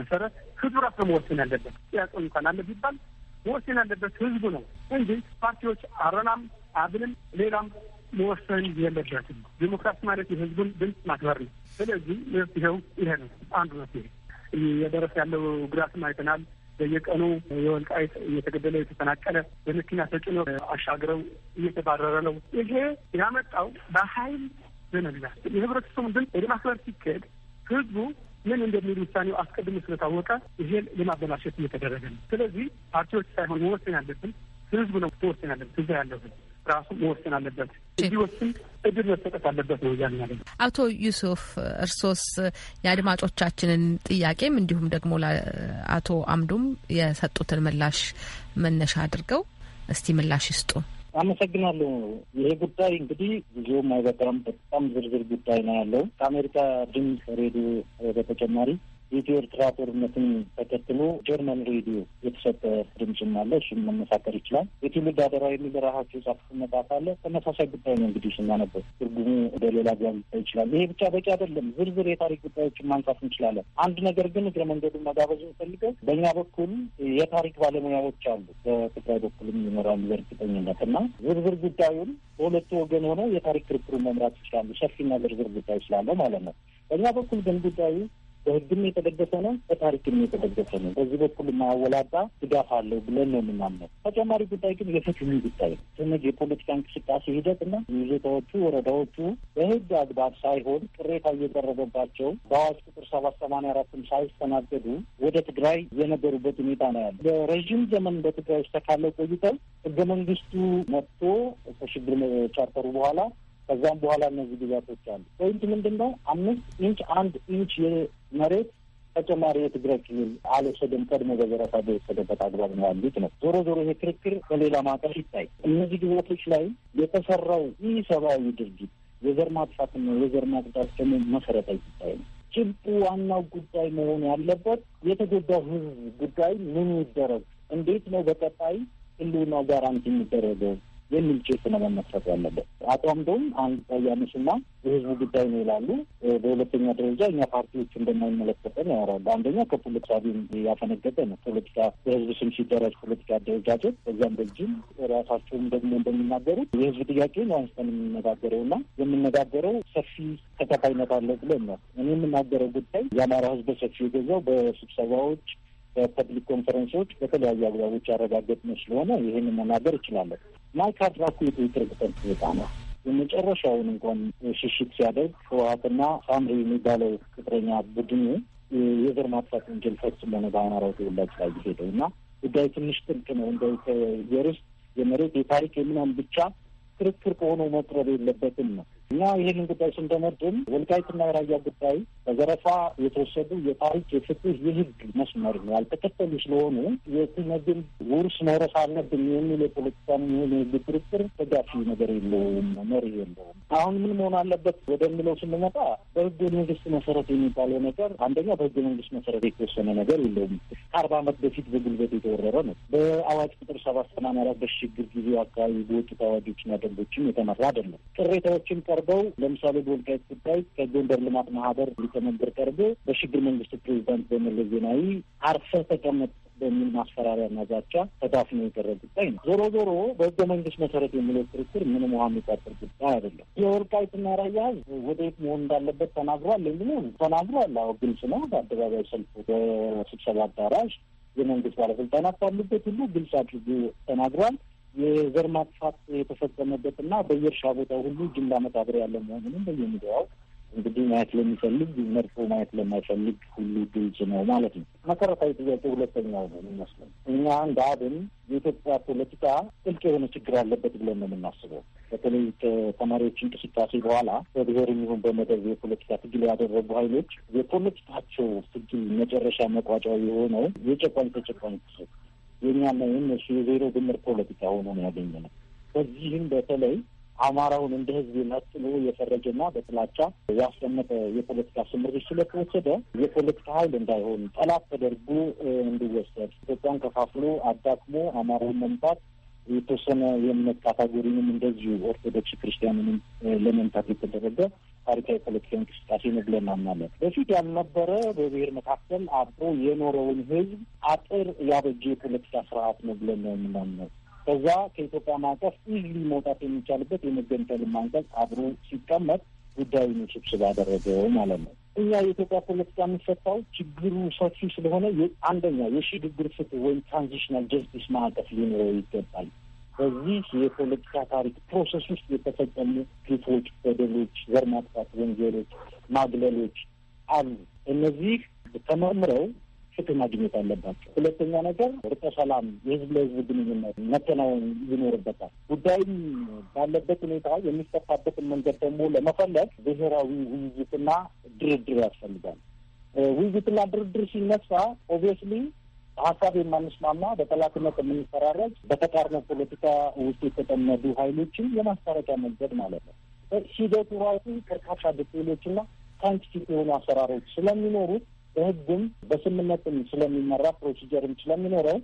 መሰረት ህዝቡ ራሱ መወሰን ያለበት ጥያቄ እንኳን አለ ቢባል መወሰን ያለበት ህዝቡ ነው እንጂ ፓርቲዎች አረናም አብልም ሌላም መወሰን የለበትም። ዲሞክራሲ ማለት የህዝቡን ድምፅ ማክበር ነው። ስለዚህ ይኸው ይሄ ነው አንዱ ነው። እየደረሰ ያለው ጉዳትም አይተናል። በየቀኑ የወልቃይት እየተገደለ የተፈናቀለ በመኪና ተጭኖ አሻግረው እየተባረረ ነው። ይሄ ያመጣው በኃይል በመግዛት የህብረተሰቡ ድምፅ ወደ ሲካሄድ ህዝቡ ምን እንደሚል ውሳኔው አስቀድሞ ስለታወቀ ይሄን ለማበላሸት እየተደረገ ነው። ስለዚህ ፓርቲዎች ሳይሆን መወሰን ያለብን ህዝቡ ነው መወሰን ያለብን ህዛ ያለው ራሱ መወሰን አለበት። እዚህ ወስን እድል መሰጠት አለበት ነው እያልን ያለ አቶ ዩሱፍ እርሶስ የአድማጮቻችንን ጥያቄም እንዲሁም ደግሞ ለአቶ አምዱም የሰጡትን ምላሽ መነሻ አድርገው እስቲ ምላሽ ይስጡ። አመሰግናለሁ። ይሄ ጉዳይ እንግዲህ ብዙም አይበቃም። በጣም ዝርዝር ጉዳይ ነው ያለው ከአሜሪካ ድምፅ ሬዲዮ በተጨማሪ የኢትዮ ኤርትራ ጦርነትን ተከትሎ ጀርመን ሬዲዮ የተሰጠ ድምፅም አለ። እሱም መመሳከር ይችላል። የትውልድ አደራ የሚል ራሳቸው የጻፉት መጽሐፍ አለ። ተመሳሳይ ጉዳይ ነው እንግዲህ ስናነበው ትርጉሙ ወደ ሌላ ጋር ሊታይ ይችላል። ይሄ ብቻ በቂ አይደለም። ዝርዝር የታሪክ ጉዳዮችን ማንሳት እንችላለን። አንድ ነገር ግን እግረ መንገዱ መጋበዝ እንፈልገው። በእኛ በኩል የታሪክ ባለሙያዎች አሉ፣ በትግራይ በኩልም ይኖራሉ በእርግጠኝነት እና ዝርዝር ጉዳዩን በሁለቱ ወገን ሆነው የታሪክ ክርክሩን መምራት ይችላሉ። ሰፊና ዝርዝር ጉዳይ ስላለው ማለት ነው። በእኛ በኩል ግን ጉዳዩ በህግም የተደገፈ ነው፣ በታሪክም የተደገፈ ነው። በዚህ በኩል ማወላዳ ድጋፍ አለው ብለን ነው የምናምነው። ተጨማሪ ጉዳይ ግን የፍትህ ጉዳይ ነው። ትንግ የፖለቲካ እንቅስቃሴ ሂደት እና ይዞታዎቹ ወረዳዎቹ በህግ አግባብ ሳይሆን ቅሬታ እየቀረበባቸው በአዋጅ ቁጥር ሰባት ሰማንያ አራትም ሳይስተናገዱ ወደ ትግራይ የነበሩበት ሁኔታ ነው ያለ። ለረዥም ዘመን በትግራይ ውስጥ ተካለው ቆይተው ህገ መንግስቱ መጥቶ ከሽግግር ቻርተሩ በኋላ ከዛም በኋላ እነዚህ ግዛቶች አሉ። ፖይንት ምንድን ነው? አምስት ኢንች አንድ ኢንች መሬት ተጨማሪ የትግራይ ክልል አልወሰደም። ቀድሞ በዘረፋ የወሰደበት አግባብ ነው ያሉት ነው። ዞሮ ዞሮ ይሄ ክርክር በሌላ ማዕቀፍ ይታይ። እነዚህ ግዛቶች ላይ የተሰራው ይህ ሰብአዊ ድርጊት የዘር ማጥፋት ነው። የዘር ማጥፋት ደግሞ መሰረታዊ ጉዳይ ነው። ጭብጡ ዋናው ጉዳይ መሆን ያለበት የተጎዳው ህዝብ ጉዳይ ምን ይደረግ፣ እንዴት ነው በቀጣይ ህልውናው ጋራንቲ የሚደረገው የሚል ጭት ነው መመስረት ያለበት። አቶ አምዶም አንድ ያነሱና የህዝቡ ጉዳይ ነው ይላሉ። በሁለተኛ ደረጃ እኛ ፓርቲዎች እንደማይመለከተን ያወራሉ። አንደኛ ከፖለቲካ ያፈነገጠ ነው። ፖለቲካ በህዝብ ስም ሲደራጅ ፖለቲካ አደረጃጀት በዚያም በዚህም ራሳቸውም ደግሞ እንደሚናገሩት የህዝብ ጥያቄ ነው አንስተን የምንነጋገረውና የምንነጋገረው ሰፊ ተከፋይነት አለው ብለን ነው። እኔ የምናገረው ጉዳይ የአማራ ህዝብ ሰፊ የገዛው በስብሰባዎች በፐብሊክ ኮንፈረንሶች በተለያዩ አግባቦች ያረጋገጥነው ስለሆነ ይህን መናገር እችላለሁ። ማይክ አድራኩ የትዊትር ቅጠል ዜጣ ነው። የመጨረሻውን እንኳን ሽሽት ሲያደርግ ህወሀትና ሳምሪ የሚባለው ቅጥረኛ ቡድኑ የዘር ማጥፋት ወንጀል ፈጽሞ ነው በአማራው ተወላጅ ላይ ሄደው እና ጉዳይ ትንሽ ጥልቅ ነው። እንደ የርስት የመሬት የታሪክ የምናምን ብቻ ክርክር ከሆነው መቅረብ የለበትም ነው እና ይህንን ጉዳይ ስንደመድም ወልቃይትና የራያ ጉዳይ በዘረፋ የተወሰዱ የታሪክ የፍትህ፣ የህግ መስመር ያልተከተሉ ስለሆኑ የትነግን ውርስ መውረስ አለብን የሚል የፖለቲካ የሚሆን የህግ ክርክር ተጋፊ ነገር የለውም፣ መሪ የለውም። አሁን ምን መሆን አለበት ወደሚለው ስንመጣ በህገ መንግስት መሰረት የሚባለው ነገር አንደኛ በህገ መንግስት መሰረት የተወሰነ ነገር የለውም። ከአርባ ዓመት በፊት በጉልበት የተወረረ ነው። በአዋጅ ቁጥር ሰባት ሰማንያ አራት በሽግግር ጊዜ አካባቢ በወጡት አዋጆችና ደንቦችም የተመራ አይደለም። ቅሬታዎችን ቀር ቀርበው ለምሳሌ በወልቃይት ጉዳይ ከጎንደር ልማት ማህበር ሊቀመንበር ቀርቦ በሽግግር መንግስት ፕሬዚዳንት በመለስ ዜናዊ አርፈህ ተቀመጥ በሚል ማስፈራሪያና ዛቻ ተዳፍኖ የቀረ ጉዳይ ነው። ዞሮ ዞሮ በህገ መንግስት መሰረት የሚለው ክርክር ምንም ውሃ የሚቋጥር ጉዳይ አይደለም። የወልቃይትና ራያ ህዝብ ወደየት መሆን እንዳለበት ተናግሯል። የሚለው ተናግሯል። አሁ ግልጽ ነው። በአደባባይ ሰልፉ፣ በስብሰባ አዳራሽ የመንግስት ባለስልጣናት ባሉበት ሁሉ ግልጽ አድርጎ ተናግሯል። የዘር ማጥፋት የተፈጸመበት እና በየእርሻ ቦታ ሁሉ ጅምላ መቃብር ያለ መሆኑንም በየሚዲያው እንግዲህ ማየት ለሚፈልግ መርፎ ማየት ለማይፈልግ ሁሉ ግልጽ ነው ማለት ነው። መሰረታዊ ጥያቄ ሁለተኛው ነው የሚመስለው። እኛ እንደ አብን የኢትዮጵያ ፖለቲካ ጥልቅ የሆነ ችግር አለበት ብለን ነው የምናስበው። በተለይ ከተማሪዎች እንቅስቃሴ በኋላ በብሔር የሚሆን በመደብ የፖለቲካ ትግል ያደረጉ ኃይሎች የፖለቲካቸው ትግል መጨረሻ መቋጫው የሆነው የጨቋኝ ተጨቋኝ የኛና የእነሱ የዜሮ ድምር ፖለቲካ ሆኖ ነው ያገኘ ነው። በዚህም በተለይ አማራውን እንደ ህዝብ መጥሎ የፈረጀና በጥላቻ ያስቀመጠ የፖለቲካ ስምሪት ስለተወሰደ የፖለቲካ ኃይል እንዳይሆን ጠላት ተደርጎ እንዲወሰድ ኢትዮጵያን ከፋፍሎ አዳክሞ አማራውን መምጣት የተወሰነ የእምነት ካታጎሪንም እንደዚሁ ኦርቶዶክስ ክርስቲያንንም ለመምታት የተደረገ ታሪካዊ ፖለቲካዊ እንቅስቃሴ ነው ብለን እናምናለን። በፊት ያልነበረ በብሔር መካከል አብሮ የኖረውን ህዝብ አጥር ያበጀ የፖለቲካ ስርዓት ነው ብለን ነው የምናምነው። ከዛ ከኢትዮጵያ ማዕቀፍ ኢዝሊ መውጣት የሚቻልበት የመገንጠል ማንቀጽ አብሮ ሲቀመጥ ጉዳዩን ውስብስብ አደረገው ማለት ነው። እኛ የኢትዮጵያ ፖለቲካ የሚፈታው ችግሩ ሰፊ ስለሆነ አንደኛ የሽግግር ፍትህ ወይም ትራንዚሽናል ጀስቲስ ማዕቀፍ ሊኖረው ይገባል። በዚህ የፖለቲካ ታሪክ ፕሮሰስ ውስጥ የተፈጸሙ ግፎች፣ በደሎች፣ ዘር ማጥፋት ወንጀሎች፣ ማግለሎች አሉ። እነዚህ ተመርምረው ፍትህ ማግኘት አለባቸው። ሁለተኛ ነገር ርቀ ሰላም፣ የህዝብ ለህዝብ ግንኙነት መከናወን ይኖርበታል። ጉዳይም ባለበት ሁኔታ የሚሰፋበትን መንገድ ደግሞ ለመፈለግ ብሔራዊ ውይይትና ድርድር ያስፈልጋል። ውይይትና ድርድር ሲነሳ ኦብቪየስሊ በሀሳብ የማንስማማ በጠላትነት የምንፈራረጅ በተቃርኖ ፖለቲካ ውስጥ የተጠመዱ ሀይሎችን የማስታረቂያ መንገድ ማለት ነው። ሂደቱ ራሱ ከርካታ ድክሎችና ሳይንቲፊክ የሆኑ አሰራሮች ስለሚኖሩት በህግም በስምነትም ስለሚመራ ፕሮሲጀርም ስለሚኖረው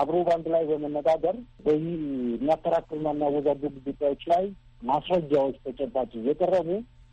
አብሮ በአንድ ላይ በመነጋገር በዚህ የሚያከራክሩና የሚያወዛግቡ ጉዳዮች ላይ ማስረጃዎች ተጨባጭ እየቀረቡ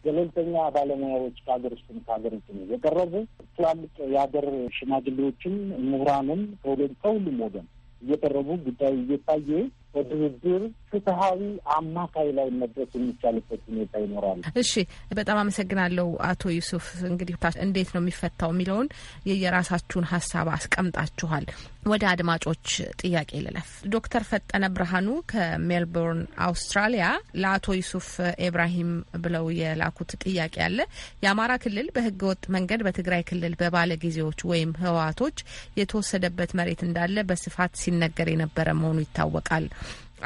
ገለልተኛ ባለሙያዎች ከሀገር ውስጥም ከሀገር ውጭም እየቀረቡ ትላልቅ የሀገር ሽማግሌዎችም ምሁራንም ከሁሉም ወገን እየቀረቡ ጉዳዩ እየታየ በድርድር ፍትሀዊ አማካይ ላይ መድረስ የሚቻልበት ሁኔታ ይኖራል። እሺ፣ በጣም አመሰግናለሁ አቶ ዩሱፍ። እንግዲህ እንዴት ነው የሚፈታው የሚለውን የየራሳችሁን ሀሳብ አስቀምጣችኋል። ወደ አድማጮች ጥያቄ ልለፍ። ዶክተር ፈጠነ ብርሃኑ ከሜልቦርን አውስትራሊያ ለአቶ ዩሱፍ ኢብራሂም ብለው የላኩት ጥያቄ አለ። የአማራ ክልል በህገወጥ መንገድ በትግራይ ክልል በባለ ጊዜዎች ወይም ህወሓቶች የተወሰደበት መሬት እንዳለ በስፋት ሲነገር የነበረ መሆኑ ይታወቃል።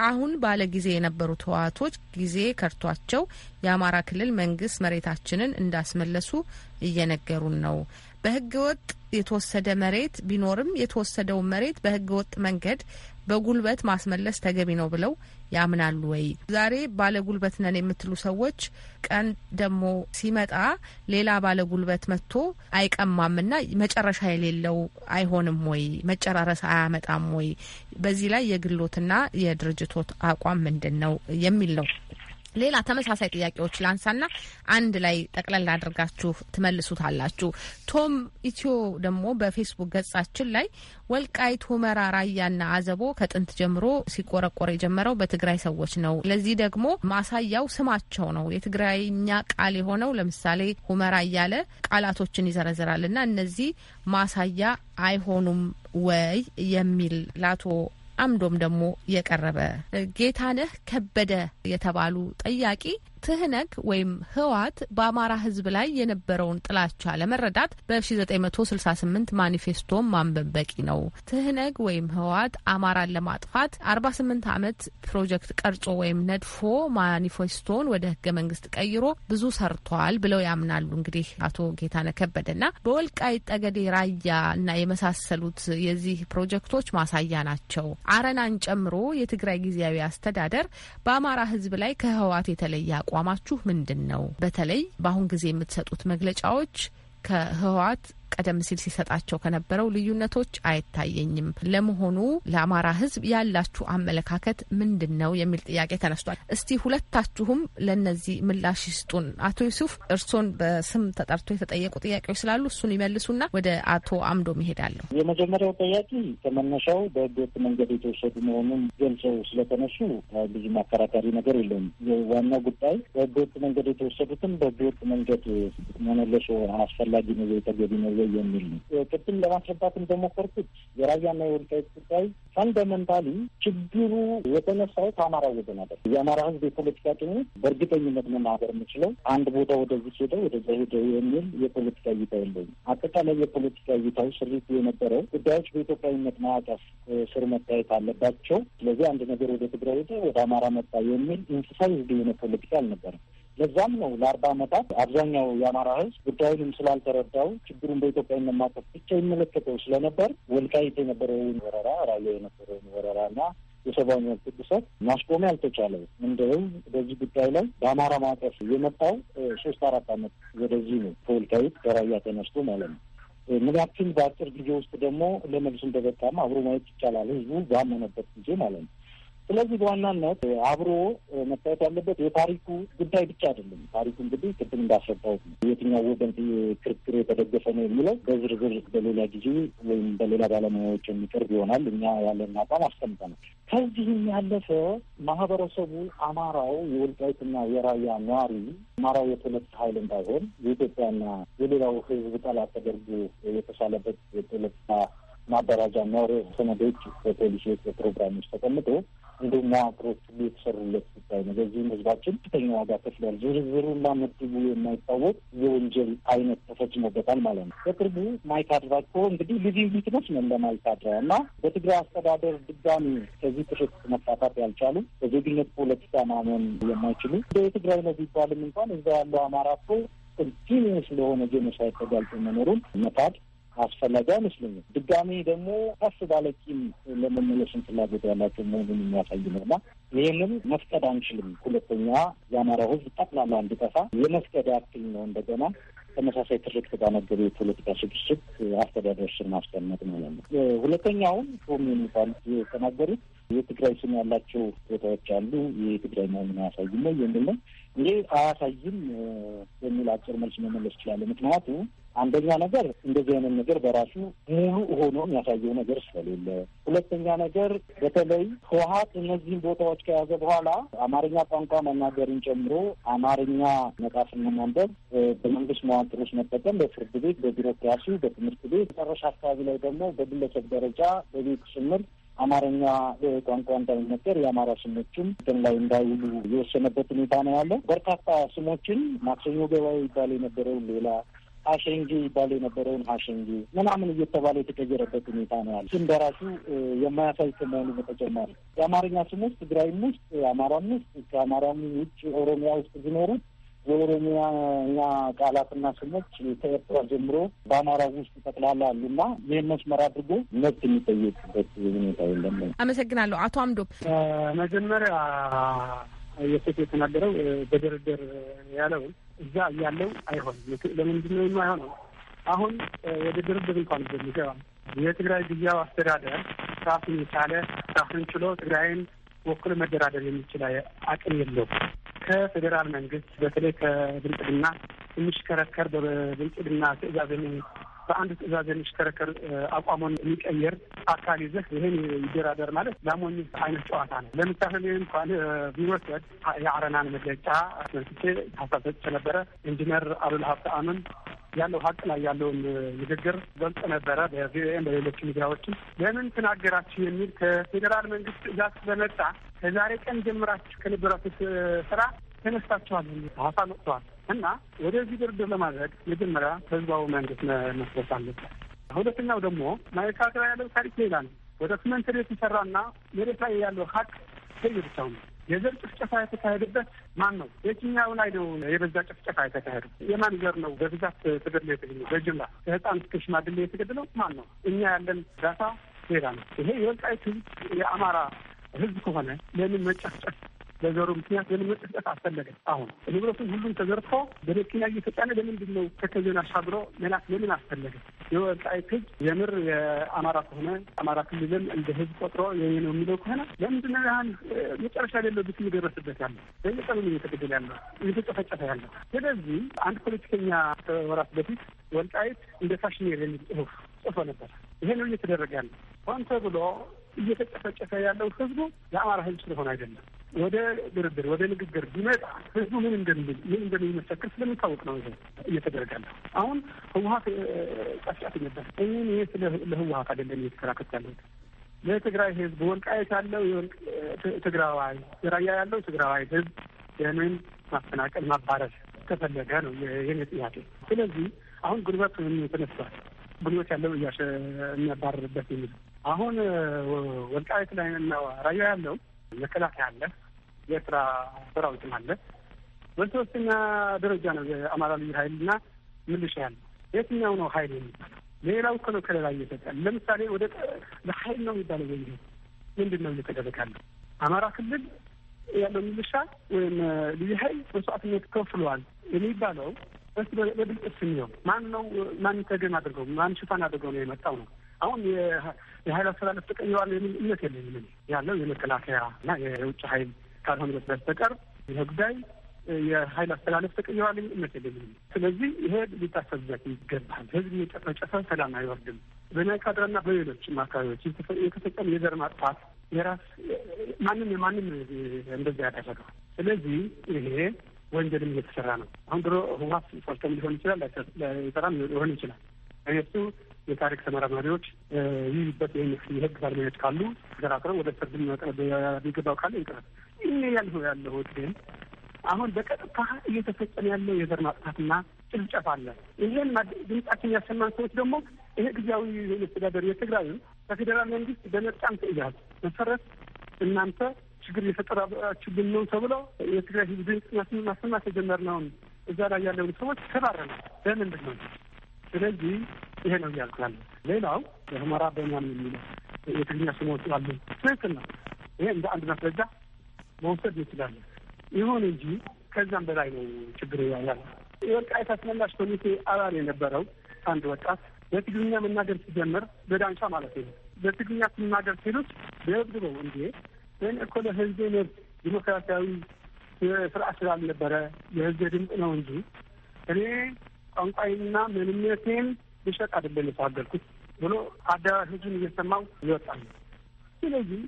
አሁን ባለ ጊዜ የነበሩ ህወሓቶች ጊዜ ከርቷቸው የአማራ ክልል መንግስት መሬታችንን እንዳስመለሱ እየነገሩን ነው። በህገ ወጥ የተወሰደ መሬት ቢኖርም የተወሰደውን መሬት በህገ ወጥ መንገድ በጉልበት ማስመለስ ተገቢ ነው ብለው ያምናሉ ወይ? ዛሬ ባለጉልበት ነን የምትሉ ሰዎች ቀን ደግሞ ሲመጣ ሌላ ባለጉልበት ጉልበት መጥቶ አይቀማምና መጨረሻ የሌለው አይሆንም ወይ? መጨራረስ አያመጣም ወይ? በዚህ ላይ የግሎትና የድርጅቶት አቋም ምንድን ነው የሚል ነው። ሌላ ተመሳሳይ ጥያቄዎች ላንሳና አንድ ላይ ጠቅለል አድርጋችሁ ትመልሱታላችሁ። ቶም ኢትዮ ደግሞ በፌስቡክ ገጻችን ላይ ወልቃይት፣ ሁመራ፣ ራያና አዘቦ ከጥንት ጀምሮ ሲቆረቆር የጀመረው በትግራይ ሰዎች ነው። ለዚህ ደግሞ ማሳያው ስማቸው ነው። የትግራይኛ ቃል የሆነው ለምሳሌ ሁመራ እያለ ቃላቶችን ይዘረዝራልና እነዚህ ማሳያ አይሆኑም ወይ የሚል ላቶ አምዶም ደግሞ የቀረበ ጌታነህ ከበደ የተባሉ ጠያቂ ትህነግ ወይም ህወሓት በአማራ ህዝብ ላይ የነበረውን ጥላቻ ለመረዳት በ1968 ማኒፌስቶን ማንበብ በቂ ነው። ትህነግ ወይም ህወሓት አማራን ለማጥፋት 48 ዓመት ፕሮጀክት ቀርጾ ወይም ነድፎ ማኒፌስቶን ወደ ህገ መንግስት ቀይሮ ብዙ ሰርቷል ብለው ያምናሉ። እንግዲህ አቶ ጌታነህ ከበደና በወልቃይት ጠገዴ፣ ራያ እና የመሳሰሉት የዚህ ፕሮጀክቶች ማሳያ ናቸው። አረናን ጨምሮ የትግራይ ጊዜያዊ አስተዳደር በአማራ ህዝብ ላይ ከህወሓት የተለየ አቋማችሁ ምንድን ነው? በተለይ በአሁን ጊዜ የምትሰጡት መግለጫዎች ከህወሓት ቀደም ሲል ሲሰጣቸው ከነበረው ልዩነቶች አይታየኝም። ለመሆኑ ለአማራ ህዝብ ያላችሁ አመለካከት ምንድን ነው የሚል ጥያቄ ተነስቷል። እስቲ ሁለታችሁም ለነዚህ ምላሽ ይስጡን። አቶ ዩሱፍ እርስዎን በስም ተጠርቶ የተጠየቁ ጥያቄዎች ስላሉ እሱን ይመልሱና ወደ አቶ አምዶ መሄዳለሁ። የመጀመሪያው ጥያቄ ከመነሻው በህገወጥ መንገድ የተወሰዱ መሆኑን ገልጸው ስለተነሱ ብዙ አከራካሪ ነገር የለውም። ዋናው ጉዳይ በህገወጥ መንገድ የተወሰዱትም በህገወጥ መንገድ መመለሱ አስፈላጊ ነው፣ ተገቢ ነው ወይ የሚል ነው። ቅድም ለማስረዳት እንደሞከርኩት የራያና የወልቃይት ጉዳይ ፈንደመንታሊ ችግሩ የተነሳው ከአማራ ወገን አለ። የአማራ ሕዝብ የፖለቲካ ጥሙ በእርግጠኝነት መናገር የምችለው አንድ ቦታ ወደዚህ ሄደ ወደዛ ሄደ የሚል የፖለቲካ እይታ የለኝም። አጠቃላይ የፖለቲካ እይታው ስሪቱ የነበረው ጉዳዮች በኢትዮጵያዊነት ማዕቀፍ ስር መታየት አለባቸው። ስለዚህ አንድ ነገር ወደ ትግራይ ሄደ ወደ አማራ መጣ የሚል ኢንስሳይዝድ የሆነ ፖለቲካ አልነበረም። ለዛም ነው ለአርባ ዓመታት አብዛኛው የአማራ ህዝብ ጉዳዩንም ስላልተረዳው ችግሩን በኢትዮጵያ ማቆም ብቻ ይመለከተው ስለነበር ወልቃይት የነበረውን ወረራ፣ ራያ የነበረውን ወረራና የሰብአዊ መብት ጥሰት ማስቆም አልተቻለም። እንደውም በዚህ ጉዳይ ላይ በአማራ ማዕቀፍ የመጣው ሶስት አራት ዓመት ወደዚህ ነው ከወልቃይት ከራያ ተነስቶ ማለት ነው። ምን በአጭር ጊዜ ውስጥ ደግሞ ለመልስ እንደበቃም አብሮ ማየት ይቻላል። ህዝቡ ባመነበት ጊዜ ማለት ነው። ስለዚህ በዋናነት አብሮ መታየት ያለበት የታሪኩ ጉዳይ ብቻ አይደለም። ታሪኩ እንግዲህ ቅድም እንዳስረዳሁት ነው። የትኛው ወገን ክርክር የተደገፈ ነው የሚለው በዝርዝር በሌላ ጊዜ ወይም በሌላ ባለሙያዎች የሚቀርብ ይሆናል። እኛ ያለን አቋም አስቀምጠናል። ከዚህም ያለፈ ማህበረሰቡ አማራው የወልቃይትና የራያ ነዋሪ አማራው የፖለቲካ ኃይል እንዳይሆን የኢትዮጵያና የሌላው ሕዝብ ጠላት ተደርጎ የተሳለበት የፖለቲካ ማደራጃ ኖር ሰነዶች በፖሊሲዎች በፕሮግራሞች ተቀምጦ እንዲሁም መዋቅሮች ሁሉ የተሰሩለት ጉዳይ ነው። በዚህም ህዝባችን ከፍተኛ ዋጋ ከፍሏል። ዝርዝሩና ምድቡ የማይታወቅ የወንጀል አይነት ተፈጽሞበታል ማለት ነው። በቅርቡ ማይካድራ እንግዲህ ልዩ ዊትነስ ነን ለማይካድራ እና በትግራይ አስተዳደር ድጋሚ ከዚህ ጥሽት መፋታት ያልቻሉ በዜግነት ፖለቲካ ማመን የማይችሉ እንደ የትግራይ ነው ቢባልም እንኳን እዛ ያለው አማራ እኮ ኮንቲኒስ ለሆነ ጄኖሳይድ ተጋልጦ መኖሩን መካድ አስፈላጊ አይመስለኝም። ድጋሚ ደግሞ ከፍ ባለ ቂም ለመመለስን ፍላጎት ያላቸው መሆኑን የሚያሳይ ነው እና ይህንም መፍቀድ አንችልም። ሁለተኛ የአማራ ሕዝብ ጠቅላላ እንዲጠፋ የመፍቀድ ያክል ነው እንደገና ተመሳሳይ ትርክ ተጋነገሩ የፖለቲካ ስብስብ አስተዳደር ስር ማስቀመጥ ነው ያለው። ሁለተኛውም ቶም የሚባሉት የተናገሩት የትግራይ ስም ያላቸው ቦታዎች አሉ የትግራይ መሆኑን አያሳይም ነው የሚል ነው። ይህ አያሳይም የሚል አጭር መልስ መመለስ ይችላለ ምክንያቱ አንደኛ ነገር እንደዚህ አይነት ነገር በራሱ ሙሉ ሆኖ የሚያሳየው ነገር ስለሌለ፣ ሁለተኛ ነገር በተለይ ህወሀት እነዚህን ቦታዎች ከያዘ በኋላ አማርኛ ቋንቋ መናገርን ጨምሮ አማርኛ መጻፍና ማንበብ በመንግስት መዋቅሮች መጠቀም፣ በፍርድ ቤት፣ በቢሮክራሲ፣ በትምህርት ቤት መጨረሻ አካባቢ ላይ ደግሞ በግለሰብ ደረጃ በቤት ስምር አማርኛ ቋንቋ እንዳይነገር የአማራ ስሞችም እንትን ላይ እንዳይሉ የወሰነበት ሁኔታ ነው ያለው። በርካታ ስሞችን ማክሰኞ ገበያ ይባል የነበረውን ሌላ ሀሸንጊ ይባል የነበረውን ሀሸንጊ ምናምን እየተባለ የተቀየረበት ሁኔታ ነው ያለ። ስም በራሱ የማያሳይ ከመሆኑ በተጨማሪ የአማርኛ ስሞች ትግራይም ውስጥ አማራም ውስጥ ከአማራም ውጭ ኦሮሚያ ውስጥ ቢኖሩት የኦሮሚያኛ ቃላትና ስሞች ከኤርትራ ጀምሮ በአማራ ውስጥ ጠቅላላ አሉና ይህን መስመር አድርጎ መብት የሚጠየቅበት ሁኔታ የለም። አመሰግናለሁ። አቶ አምዶብ መጀመሪያ የሴት የተናገረው በድርድር ያለውን እዛ እያለው አይሆንም። ለምንድን ነው የማይሆነው? አሁን ወደ ድርድር እንኳን በሚገባ የትግራይ ጊዜያዊ አስተዳደር ራሱን የቻለ ራሱን ችሎ ትግራይን ወክሎ መደራደር የሚችል አቅም የለውም። ከፌዴራል መንግስት በተለይ ከብልጽግና የሚሽከረከር በብልጽግና ትእዛዝ በአንድ ትዕዛዝ የሚሽከረከር አቋሙን የሚቀየር አካል ይዘህ ይህን ይደራደር ማለት ለሞኝ አይነት ጨዋታ ነው። ለምሳሌ እንኳን ቢወሰድ የአረናን መግለጫ አስመልክቼ ሀሳብ ሰጥቼ ነበረ። ኢንጂነር ሀብት አምን ያለው ሀቅ ላይ ያለውን ንግግር ገልጽ ነበረ በቪኦኤም በሌሎች ሚዲያዎችም ለምን ትናገራችሁ የሚል ከፌዴራል መንግስት ትዕዛዝ በመጣ ከዛሬ ቀን ጀምራችሁ ከነበራችሁ ስራ ተነስታችኋል፣ ሀሳ ወጥተዋል እና ወደዚህ ድርድር ለማድረግ መጀመሪያ ህዝባዊ መንግስት መስረት አለበት። ሁለተኛው ደግሞ ማይካድራ ያለው ታሪክ ሌላ ነው። ወደ ስምንት ቤት የሰራና መሬት ላይ ያለው ሀቅ ብቻው ነው። የዘር ጭፍጨፋ የተካሄደበት ማን ነው? የትኛው ላይ ነው የበዛ ጭፍጨፋ የተካሄደው? የማን ዘር ነው በብዛት ተገድሎ የተገኘ? በጅምላ ከህፃን እስከ ሽማግሌ የተገደለው ማን ነው? እኛ ያለን ዳታ ሌላ ነው። ይሄ የወልቃይት ህዝብ የአማራ ህዝብ ከሆነ ለምን መጨፍጨፍ ነገሩ ምክንያት ለምን መጠፍጠፍ አስፈለገ? አሁን ንብረቱን ሁሉም ተዘርፎ በመኪና እየተጫነ ለምንድን ነው ተከዜን አሻግሮ መላክ ለምን አስፈለገ? የወልቃይት ህዝብ የምር የአማራ ከሆነ አማራ ክልልም እንደ ህዝብ ቆጥሮ የኔ ነው የሚለው ከሆነ ለምንድን ነው ያህል መጨረሻ ሌለው ብት እየደረስበት ያለ በየቀኑ እየተገደለ ያለ እየተጨፈጨፈ ያለ። ስለዚህ አንድ ፖለቲከኛ ከወራት በፊት ወልቃይት እንደ ካሽሚር የሚል ጽሁፍ ጽፎ ነበር። ይሄ ነው እየተደረገ ያለ ሆን ተብሎ እየተጨፈጨፈ ያለው ህዝቡ የአማራ ህዝብ ስለሆነ አይደለም። ወደ ድርድር ወደ ንግግር ቢመጣ ህዝቡ ምን እንደሚል ምን እንደሚመሰክር ስለሚታወቅ ነው። ይሄ እየተደረጋለሁ አሁን ህወሀት ጫፍጫፍ ነበር። እኔም ይህ ለህወሀት አይደለም እየተከራከት ያለሁት ለትግራይ ህዝብ፣ ወልቃየት ያለው ትግራዋይ፣ የራያ ያለው ትግራዋይ ህዝብ ለምን ማፈናቀል ማባረር ተፈለገ ነው የኔ ጥያቄ። ስለዚህ አሁን ጉልበት ተነስቷል። ጉልበት ያለው እያሸ የሚያባረርበት የሚል አሁን ወልቃይት ላይ እና ራያ ያለው መከላከያ አለ፣ የኤርትራ ሰራዊትም አለ። በሶስተኛ ደረጃ ነው የአማራ ልዩ ኃይል እና ምልሻ ያለው። የትኛው ነው ኃይል የሚባለው? ሌላው እኮ ነው ከሌላ እየሰጠ ለምሳሌ ወደ ለኃይል ነው የሚባለው ወይ ምንድን ነው እየተደረገ አማራ ክልል ያለው ምልሻ ወይም ልዩ ኃይል መስዋዕትነት ከፍሏል የሚባለው እስ በድልቅስ የሚሆን ማን ነው? ማን ተገን አድርገው ማን ሽፋን አድርገው ነው የመጣው ነው አሁን የሀይል አስተላለፍ ተቀይሯል የሚል እምነት የለኝም። ያለው የመከላከያ እና የውጭ ሀይል ካልሆነ በስተቀር ይህ ጉዳይ የሀይል አስተላለፍ ተቀይሯል የሚል እምነት የለኝም። ስለዚህ ይሄ ሊታሰብበት ይገባል። ህዝብ የጨፈጨፈ ሰላም አይወርድም። በናይካድራና በሌሎችም አካባቢዎች የተፈጸመ የዘር ማጥፋት የራስ ማንም የማንም እንደዚያ ያደረገው። ስለዚህ ይሄ ወንጀልም እየተሰራ ነው። አሁን ድሮ ህዋት ሰርተም ሊሆን ይችላል፣ ይሰራም ሊሆን ይችላል እሱ የታሪክ ተመራማሪዎች ይህበት ወይም የህግ ባለሙያዎች ካሉ ተከራክረው ወደ ፍርድ መቅረብ የሚገባው ካለ ይቅረብ። ይህ ያልሁ ያለሁት ግን አሁን በቀጥታ እየተፈጸመ ያለው የዘር ማጥፋትና ጭፍጨፋ አለ። ይህን ድምጻችን ያሰማን ሰዎች ደግሞ ይሄ ጊዜያዊ መስተዳደር የትግራይም ከፌዴራል መንግስት በመጣም ትእዛዝ መሰረት እናንተ ችግር እየፈጠራችሁብን ነው ተብሎ የትግራይ ህዝብ ድምጽ ማሰማት የጀመርነውን እዛ ላይ ያለውን ሰዎች ተባረነ። ለምንድን ነው ስለዚህ ይሄ ነው እያልኩ ያለ። ሌላው የሁመራ በሚያም የሚለው የትግርኛ ስሞች አሉ። ትክክል ነው። ይሄ እንደ አንድ ማስረጃ መውሰድ እንችላለን። ይሁን እንጂ ከዛም በላይ ነው ችግሩ ያለ። የወልቃይት አስመላሽ ኮሚቴ አባል የነበረው አንድ ወጣት በትግርኛ መናገር ሲጀምር በዳንሻ ማለት ነው በትግርኛ ስናገር ሲሉት ደብድበው እንዴ ወይ እኮ ለህዝብ ነው ዲሞክራሲያዊ ስርዓት ስላልነበረ የህዝብ ድምፅ ነው እንጂ እኔ ቋንቋዬንና ምንነቴን ልሸጥ አይደለም የተዋገልኩት ብሎ አደባባይ ህዝብን እየሰማው ይወጣል። ስለዚህ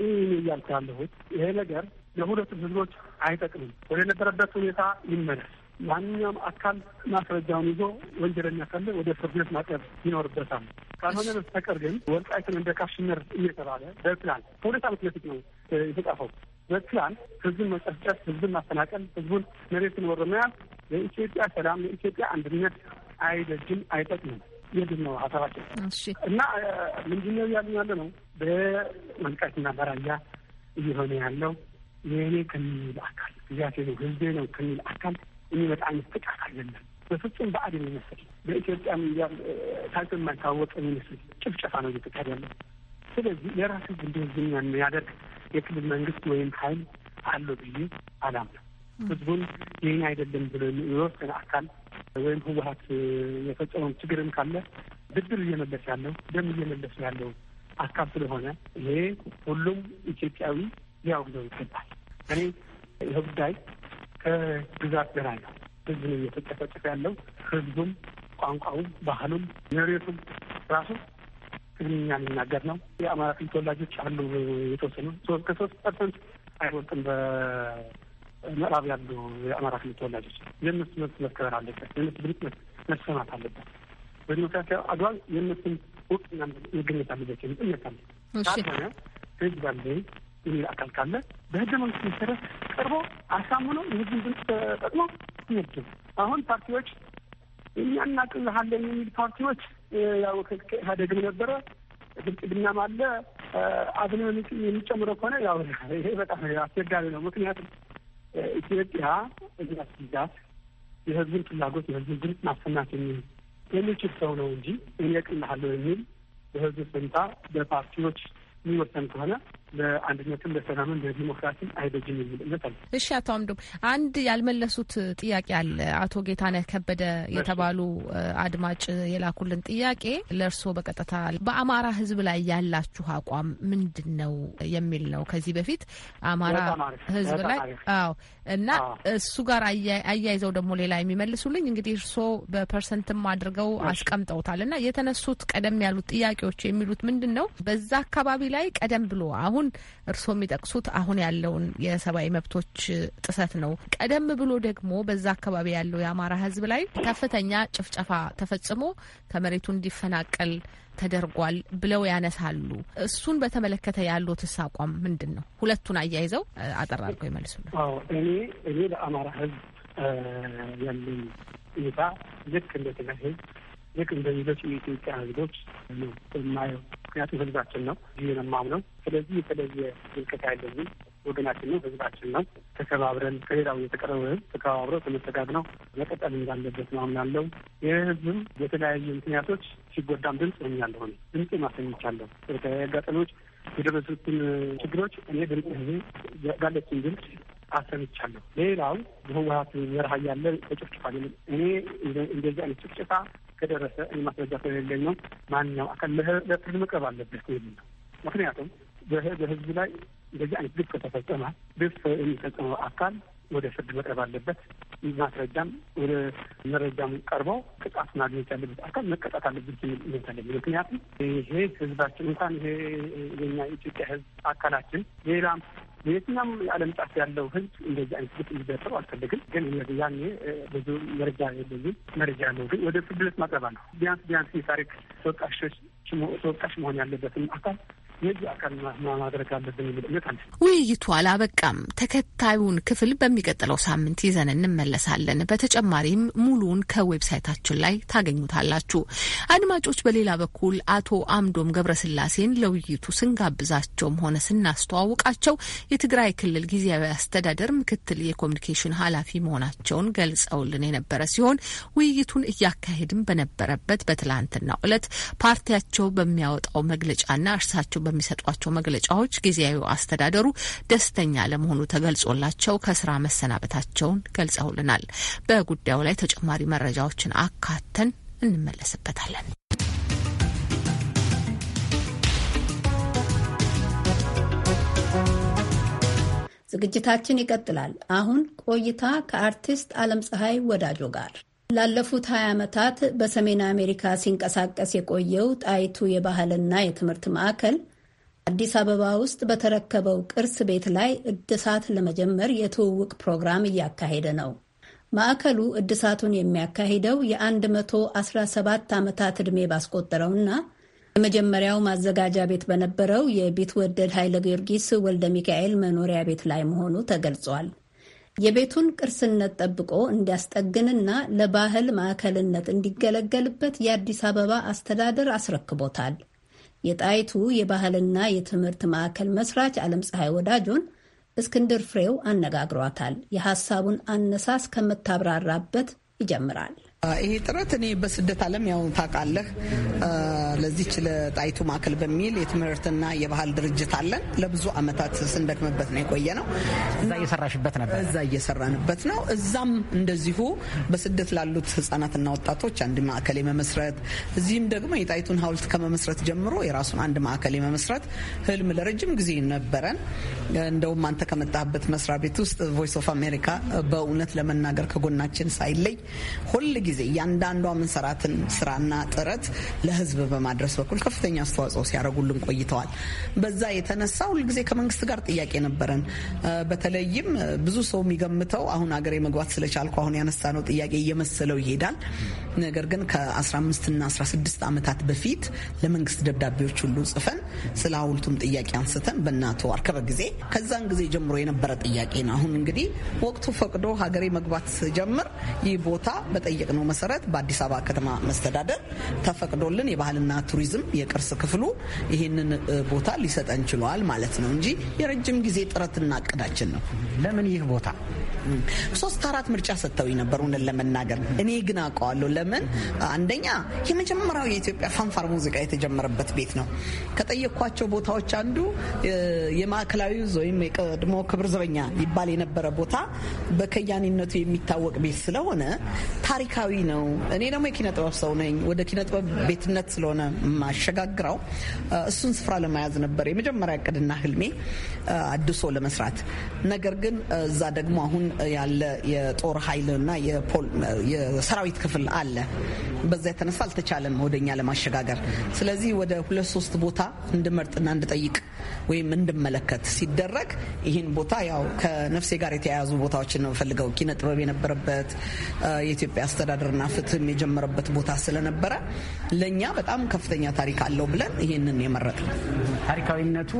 ይህ እያልኩ ያለሁት ይሄ ነገር ለሁለቱም ህዝቦች አይጠቅምም። ወደ ነበረበት ሁኔታ ይመለስ። ማንኛውም አካል ማስረጃውን ይዞ ወንጀለኛ ካለ ወደ ፍርድ ቤት ማቅረብ ይኖርበታል። ካልሆነ በስተቀር ግን ወልቃይትን እንደ ካሽሚር እየተባለ በፕላን ከሁለት ዓመት በፊት ነው የተጻፈው። በፕላን ህዝብን መጨፍጨፍ፣ ህዝብን ማፈናቀል፣ ህዝቡን መሬትን ወሮ ለኢትዮጵያ ሰላም፣ ለኢትዮጵያ አንድነት አይደጅም፣ አይጠቅምም። የድል ነው ሀሳባችን እና ምንድነው እያሉ ያለ ነው። በወልቃይትና በራያ እየሆነ ያለው የእኔ ከሚል አካል እዚያሴ ነው ህዝቤ ነው ከሚል አካል የሚመጣ አይነት ጥቃት አይደለም። በፍጹም በአድ የሚመስል በኢትዮጵያም ታይቶ የማይታወቅ የሚመስል ጭፍጨፋ ነው እየተካሄደ ያለው። ስለዚህ የራስ ህዝብ እንደ ህዝብ ያደርግ የክልል መንግስት ወይም ሀይል አለው ብዬ አላምነው። ህዝቡን ይህን አይደለም ብሎ የወሰነ አካል ወይም ህወሀት የፈጸመው ችግርም ካለ ብድር እየመለስ ያለው ደም እየመለስ ያለው አካል ስለሆነ ይሄ ሁሉም ኢትዮጵያዊ ሊያወግዘው ይገባል። እኔ ይህ ጉዳይ ከግዛት በላይ ነው። ህዝብ ነው እየተጨፈጨፈ ያለው። ህዝቡም፣ ቋንቋውም፣ ባህሉም፣ መሬቱም ራሱ ትግርኛ የሚናገር ነው። የአማራ ክልል ተወላጆች አሉ የተወሰኑ ሶስት ከሶስት ፐርሰንት አይወጥም በ ምዕራብ ያሉ የአማራ ክልል ተወላጆች የእነሱ መብት መከበር አለበት። የእነሱ ድምፅ መሰማት አለበት። በዲሞክራሲያዊ አግባብ የእነሱን እውቅና መገኘት አለበት። የምጥ እምነት አለ ካልሆነ ህዝብ አለ የሚል አካል ካለ በህገ መንግስት መሰረት ቀርቦ አሳምኖ የህዝብን ድምፅ ተጠቅሞ ይመድብ። አሁን ፓርቲዎች እኛናቅልሃለን የሚል ፓርቲዎች ያው ከኢህአዴግም ነበረ ብልጽግናም አለ አብነ የሚጨምረው ከሆነ ያው ይሄ በጣም አስቸጋሪ ነው። ምክንያቱም ኢትዮጵያ እያስይዛት የህዝብን ፍላጎት የህዝብን ድምፅ ማሰማት የሚል የሚችል ሰው ነው እንጂ እኔ ቅናሃለሁ የሚል የህዝብ ፈንታ በፓርቲዎች የሚወሰን ከሆነ ለአንድነትም፣ ለሰላምም፣ ለዲሞክራሲም አይበጅም የሚል እምነት አለ። እሺ፣ አቶ አምዶም አንድ ያልመለሱት ጥያቄ አለ። አቶ ጌታነህ ከበደ የተባሉ አድማጭ የላኩልን ጥያቄ ለእርስዎ በቀጥታ በአማራ ህዝብ ላይ ያላችሁ አቋም ምንድን ነው የሚል ነው። ከዚህ በፊት አማራ ህዝብ ላይ አዎ እና እሱ ጋር አያይዘው ደግሞ ሌላ የሚመልሱልኝ እንግዲህ እርስዎ በፐርሰንትም አድርገው አስቀምጠውታል እና የተነሱት ቀደም ያሉት ጥያቄዎች የሚሉት ምንድን ነው በዛ አካባቢ ላይ ቀደም ብሎ አሁን አሁን እርስዎ የሚጠቅሱት አሁን ያለውን የሰብአዊ መብቶች ጥሰት ነው። ቀደም ብሎ ደግሞ በዛ አካባቢ ያለው የአማራ ሕዝብ ላይ ከፍተኛ ጭፍጨፋ ተፈጽሞ ከመሬቱ እንዲፈናቀል ተደርጓል ብለው ያነሳሉ። እሱን በተመለከተ ያሉትስ አቋም ምንድን ነው? ሁለቱን አያይዘው አጠር አድርገው ይመልሱ። እኔ እኔ ለአማራ ሕዝብ ያለኝ ሁኔታ ልክ እንደትለ ሕዝብ ልክ እንደሌሎች የኢትዮጵያ ህዝቦች ነው የማየው። ምክንያቱም ህዝባችን ነው ይህን የማምነው። ስለዚህ የተለየ ምልከታ ያለብን ወገናችን ነው፣ ህዝባችን ነው። ተከባብረን ከሌላው የተቀረበ ህዝብ ተከባብረው ተመሰጋግነው መቀጠል እንዳለበት ማምናለው። ይህ ህዝብም የተለያዩ ምክንያቶች ሲጎዳም ድምፅ ሆኛለሁ፣ ድምፅ ማሰኝቻለሁ። በተለያዩ አጋጣሚዎች የደረሱትን ችግሮች እኔ ድምፅ ህዝብ ያለችን ድምፅ አሰምቻለሁ። ሌላው በህወሀት መርሃ ያለ ተጭፍጭፋል። እኔ እንደዚህ አይነት ጭፍጭፋ ከደረሰ እኔ ማስረጃ ከሌለኝ ነው ማንኛው አካል ለፍርድ መቅረብ አለበት የሚል ነው። ምክንያቱም በህዝብ ላይ እንደዚህ አይነት ግፍ ከተፈጸመ ግፍ የሚፈጸመው አካል ወደ ፍርድ መቅረብ አለበት። ማስረጃም ወደ መረጃም ቀርበው ቅጣት ማግኘት ያለበት አካል መቀጣት አለበት ሚነት አለ። ምክንያቱም ይሄ ህዝባችን እንኳን ይሄ የኛ የኢትዮጵያ ህዝብ አካላችን ሌላም የትኛም የዓለም ጫፍ ያለው ህዝብ እንደዚህ አይነት ግጥ እንዲደርሰው አልፈልግም። ግን ያኔ ብዙ መረጃ የለኝም። መረጃ ያለው ግን ወደ ፍርድ ቤት ማቅረብ ነው። ቢያንስ ቢያንስ የታሪክ ተወቃሾች ተወቃሽ መሆን ያለበትም አካል የዚህ አካል ማድረግ አለብን የሚል እምነት አለ። ውይይቱ አላበቃም። ተከታዩን ክፍል በሚቀጥለው ሳምንት ይዘን እንመለሳለን። በተጨማሪም ሙሉውን ከዌብሳይታችን ላይ ታገኙታላችሁ። አድማጮች፣ በሌላ በኩል አቶ አምዶም ገብረስላሴን ለውይይቱ ስንጋብዛቸውም ሆነ ስናስተዋውቃቸው የትግራይ ክልል ጊዜያዊ አስተዳደር ምክትል የኮሚኒኬሽን ኃላፊ መሆናቸውን ገልጸውልን የነበረ ሲሆን ውይይቱን እያካሄድም በነበረበት በትላንትናው ዕለት ፓርቲያቸው በሚያወጣው መግለጫና እርሳቸው በሚሰጧቸው መግለጫዎች ጊዜያዊ አስተዳደሩ ደስተኛ ለመሆኑ ተገልጾላቸው ከስራ መሰናበታቸውን ገልጸውልናል። በጉዳዩ ላይ ተጨማሪ መረጃዎችን አካተን እንመለስበታለን። ዝግጅታችን ይቀጥላል። አሁን ቆይታ ከአርቲስት አለም ፀሐይ ወዳጆ ጋር ላለፉት 20 ዓመታት በሰሜን አሜሪካ ሲንቀሳቀስ የቆየው ጣይቱ የባህልና የትምህርት ማዕከል አዲስ አበባ ውስጥ በተረከበው ቅርስ ቤት ላይ እድሳት ለመጀመር የትውውቅ ፕሮግራም እያካሄደ ነው። ማዕከሉ እድሳቱን የሚያካሂደው የ117 ዓመታት ዕድሜ ባስቆጠረውና የመጀመሪያው ማዘጋጃ ቤት በነበረው የቢትወደድ ኃይለ ጊዮርጊስ ወልደ ሚካኤል መኖሪያ ቤት ላይ መሆኑ ተገልጿል። የቤቱን ቅርስነት ጠብቆ እንዲያስጠግንና ለባህል ማዕከልነት እንዲገለገልበት የአዲስ አበባ አስተዳደር አስረክቦታል። የጣይቱ የባህልና የትምህርት ማዕከል መስራች ዓለም ፀሐይ ወዳጆን እስክንድር ፍሬው አነጋግሯታል። የሐሳቡን አነሳስ ከምታብራራበት ይጀምራል። ይሄ ጥረት እኔ በስደት ዓለም ያው ታውቃለህ፣ ለዚች ለጣይቱ ማዕከል በሚል የትምህርትና የባህል ድርጅት አለን። ለብዙ ዓመታት ስንደክምበት ነው የቆየ ነው። እዛ እየሰራሽበት ነበር? እዛ እየሰራንበት ነው። እዛም እንደዚሁ በስደት ላሉት ህጻናትና ወጣቶች አንድ ማዕከል የመመስረት እዚህም ደግሞ የጣይቱን ሐውልት ከመመስረት ጀምሮ የራሱን አንድ ማዕከል የመመስረት ህልም ለረጅም ጊዜ ነበረን። እንደውም አንተ ከመጣህበት መስሪያ ቤት ውስጥ ቮይስ ኦፍ አሜሪካ በእውነት ለመናገር ከጎናችን ሳይለይ ጊዜ ጊዜ እያንዳንዷ ምንሰራትን ስራና ጥረት ለህዝብ በማድረስ በኩል ከፍተኛ አስተዋጽኦ ሲያደርጉልን ቆይተዋል። በዛ የተነሳ ሁልጊዜ ከመንግስት ጋር ጥያቄ ነበረን። በተለይም ብዙ ሰው የሚገምተው አሁን አገሬ መግባት ስለቻልኩ አሁን ነው ጥያቄ እየመሰለው ይሄዳል። ነገር ግን ከ 15 እና 16 ዓመታት በፊት ለመንግስት ደብዳቤዎች ሁሉ ጽፈን ስለ ሐውልቱም ጥያቄ አንስተን በእናቶ አርከበ ጊዜ ከዛን ጊዜ ጀምሮ የነበረ ጥያቄ ነው። አሁን እንግዲህ ወቅቱ ፈቅዶ ሀገሬ መግባት ስጀምር ይህ ቦታ ነው። በተወሰነው መሰረት በአዲስ አበባ ከተማ መስተዳደር ተፈቅዶልን የባህልና ቱሪዝም የቅርስ ክፍሉ ይህንን ቦታ ሊሰጠን ችሏል ማለት ነው እንጂ የረጅም ጊዜ ጥረትና እቅዳችን ነው። ለምን ይህ ቦታ ሶስት አራት ምርጫ ሰጥተው ነበር እውነት ለመናገር እኔ ግን አውቀዋለሁ ለምን አንደኛ የመጀመሪያው የኢትዮጵያ ፋንፋር ሙዚቃ የተጀመረበት ቤት ነው ከጠየኳቸው ቦታዎች አንዱ የማዕከላዊ ወይም የቀድሞ ክብር ዘበኛ ይባል የነበረ ቦታ በከያኒነቱ የሚታወቅ ቤት ስለሆነ ታሪካ ባህላዊ ነው። እኔ ደግሞ የኪነ ጥበብ ሰው ነኝ። ወደ ኪነ ጥበብ ቤትነት ስለሆነ ማሸጋግረው እሱን ስፍራ ለመያዝ ነበር የመጀመሪያ እቅድና ህልሜ አድሶ ለመስራት። ነገር ግን እዛ ደግሞ አሁን ያለ የጦር ኃይልና የሰራዊት ክፍል አለ። በዛ የተነሳ አልተቻለም ወደኛ ለማሸጋገር። ስለዚህ ወደ ሁለት ሶስት ቦታ እንድመርጥና እንድጠይቅ ወይም እንድመለከት ሲደረግ ይህን ቦታ ያው ከነፍሴ ጋር የተያያዙ ቦታዎችን ነው ፈልገው ኪነ ጥበብ የነበረበት የኢትዮጵያ አስተዳደ አስተዳደርና ፍትህም የጀመረበት ቦታ ስለነበረ ለእኛ በጣም ከፍተኛ ታሪክ አለው ብለን ይህንን የመረጥ ታሪካዊነቱ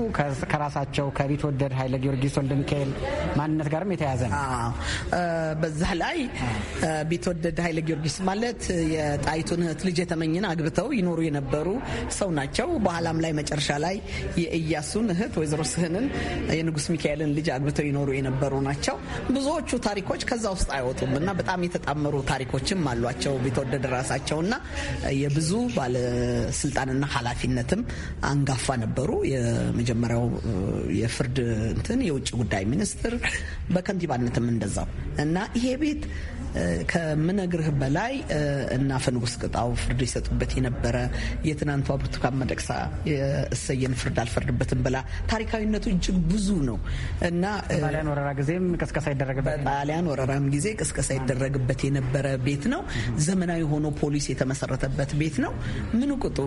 ከራሳቸው ወደድ ኃይለ ጊዮርጊስ ወልደ ሚካኤል ማንነት ጋርም የተያዘ ነው። በዛ ላይ ወደድ ኃይለ ጊዮርጊስ ማለት የጣይቱን እህት ልጅ የተመኝን አግብተው ይኖሩ የነበሩ ሰው ናቸው። በኋላም ላይ መጨረሻ ላይ የእያሱን እህት ወይዘሮ ስህንን የንጉስ ሚካኤልን ልጅ አግብተው ይኖሩ የነበሩ ናቸው። ብዙዎቹ ታሪኮች ከዛ ውስጥ አይወጡም እና በጣም የተጣመሩ ታሪኮችም ኃላፊነትም አሏቸው የተወደደ ራሳቸውና የብዙ ባለስልጣንና ኃላፊነትም አንጋፋ ነበሩ። የመጀመሪያው የፍርድ እንትን የውጭ ጉዳይ ሚኒስትር በከንቲባነትም እንደዛው እና ይሄ ቤት ከምነግርህ በላይ እና ፈንጉስ ቅጣው ፍርድ ይሰጡበት የነበረ የትናንቷ ብርቱካን መደቅሳ የእሰየን ፍርድ አልፈርድበትም ብላ ታሪካዊነቱ እጅግ ብዙ ነው እና ጣሊያን ወረራ ጊዜም ቅስቀሳ ይደረግበት ወረራም ጊዜ ቅስቀሳ ይደረግበት የነበረ ቤት ነው። ዘመናዊ ሆኖ ፖሊስ የተመሰረተበት ቤት ነው። ምን ቁጡ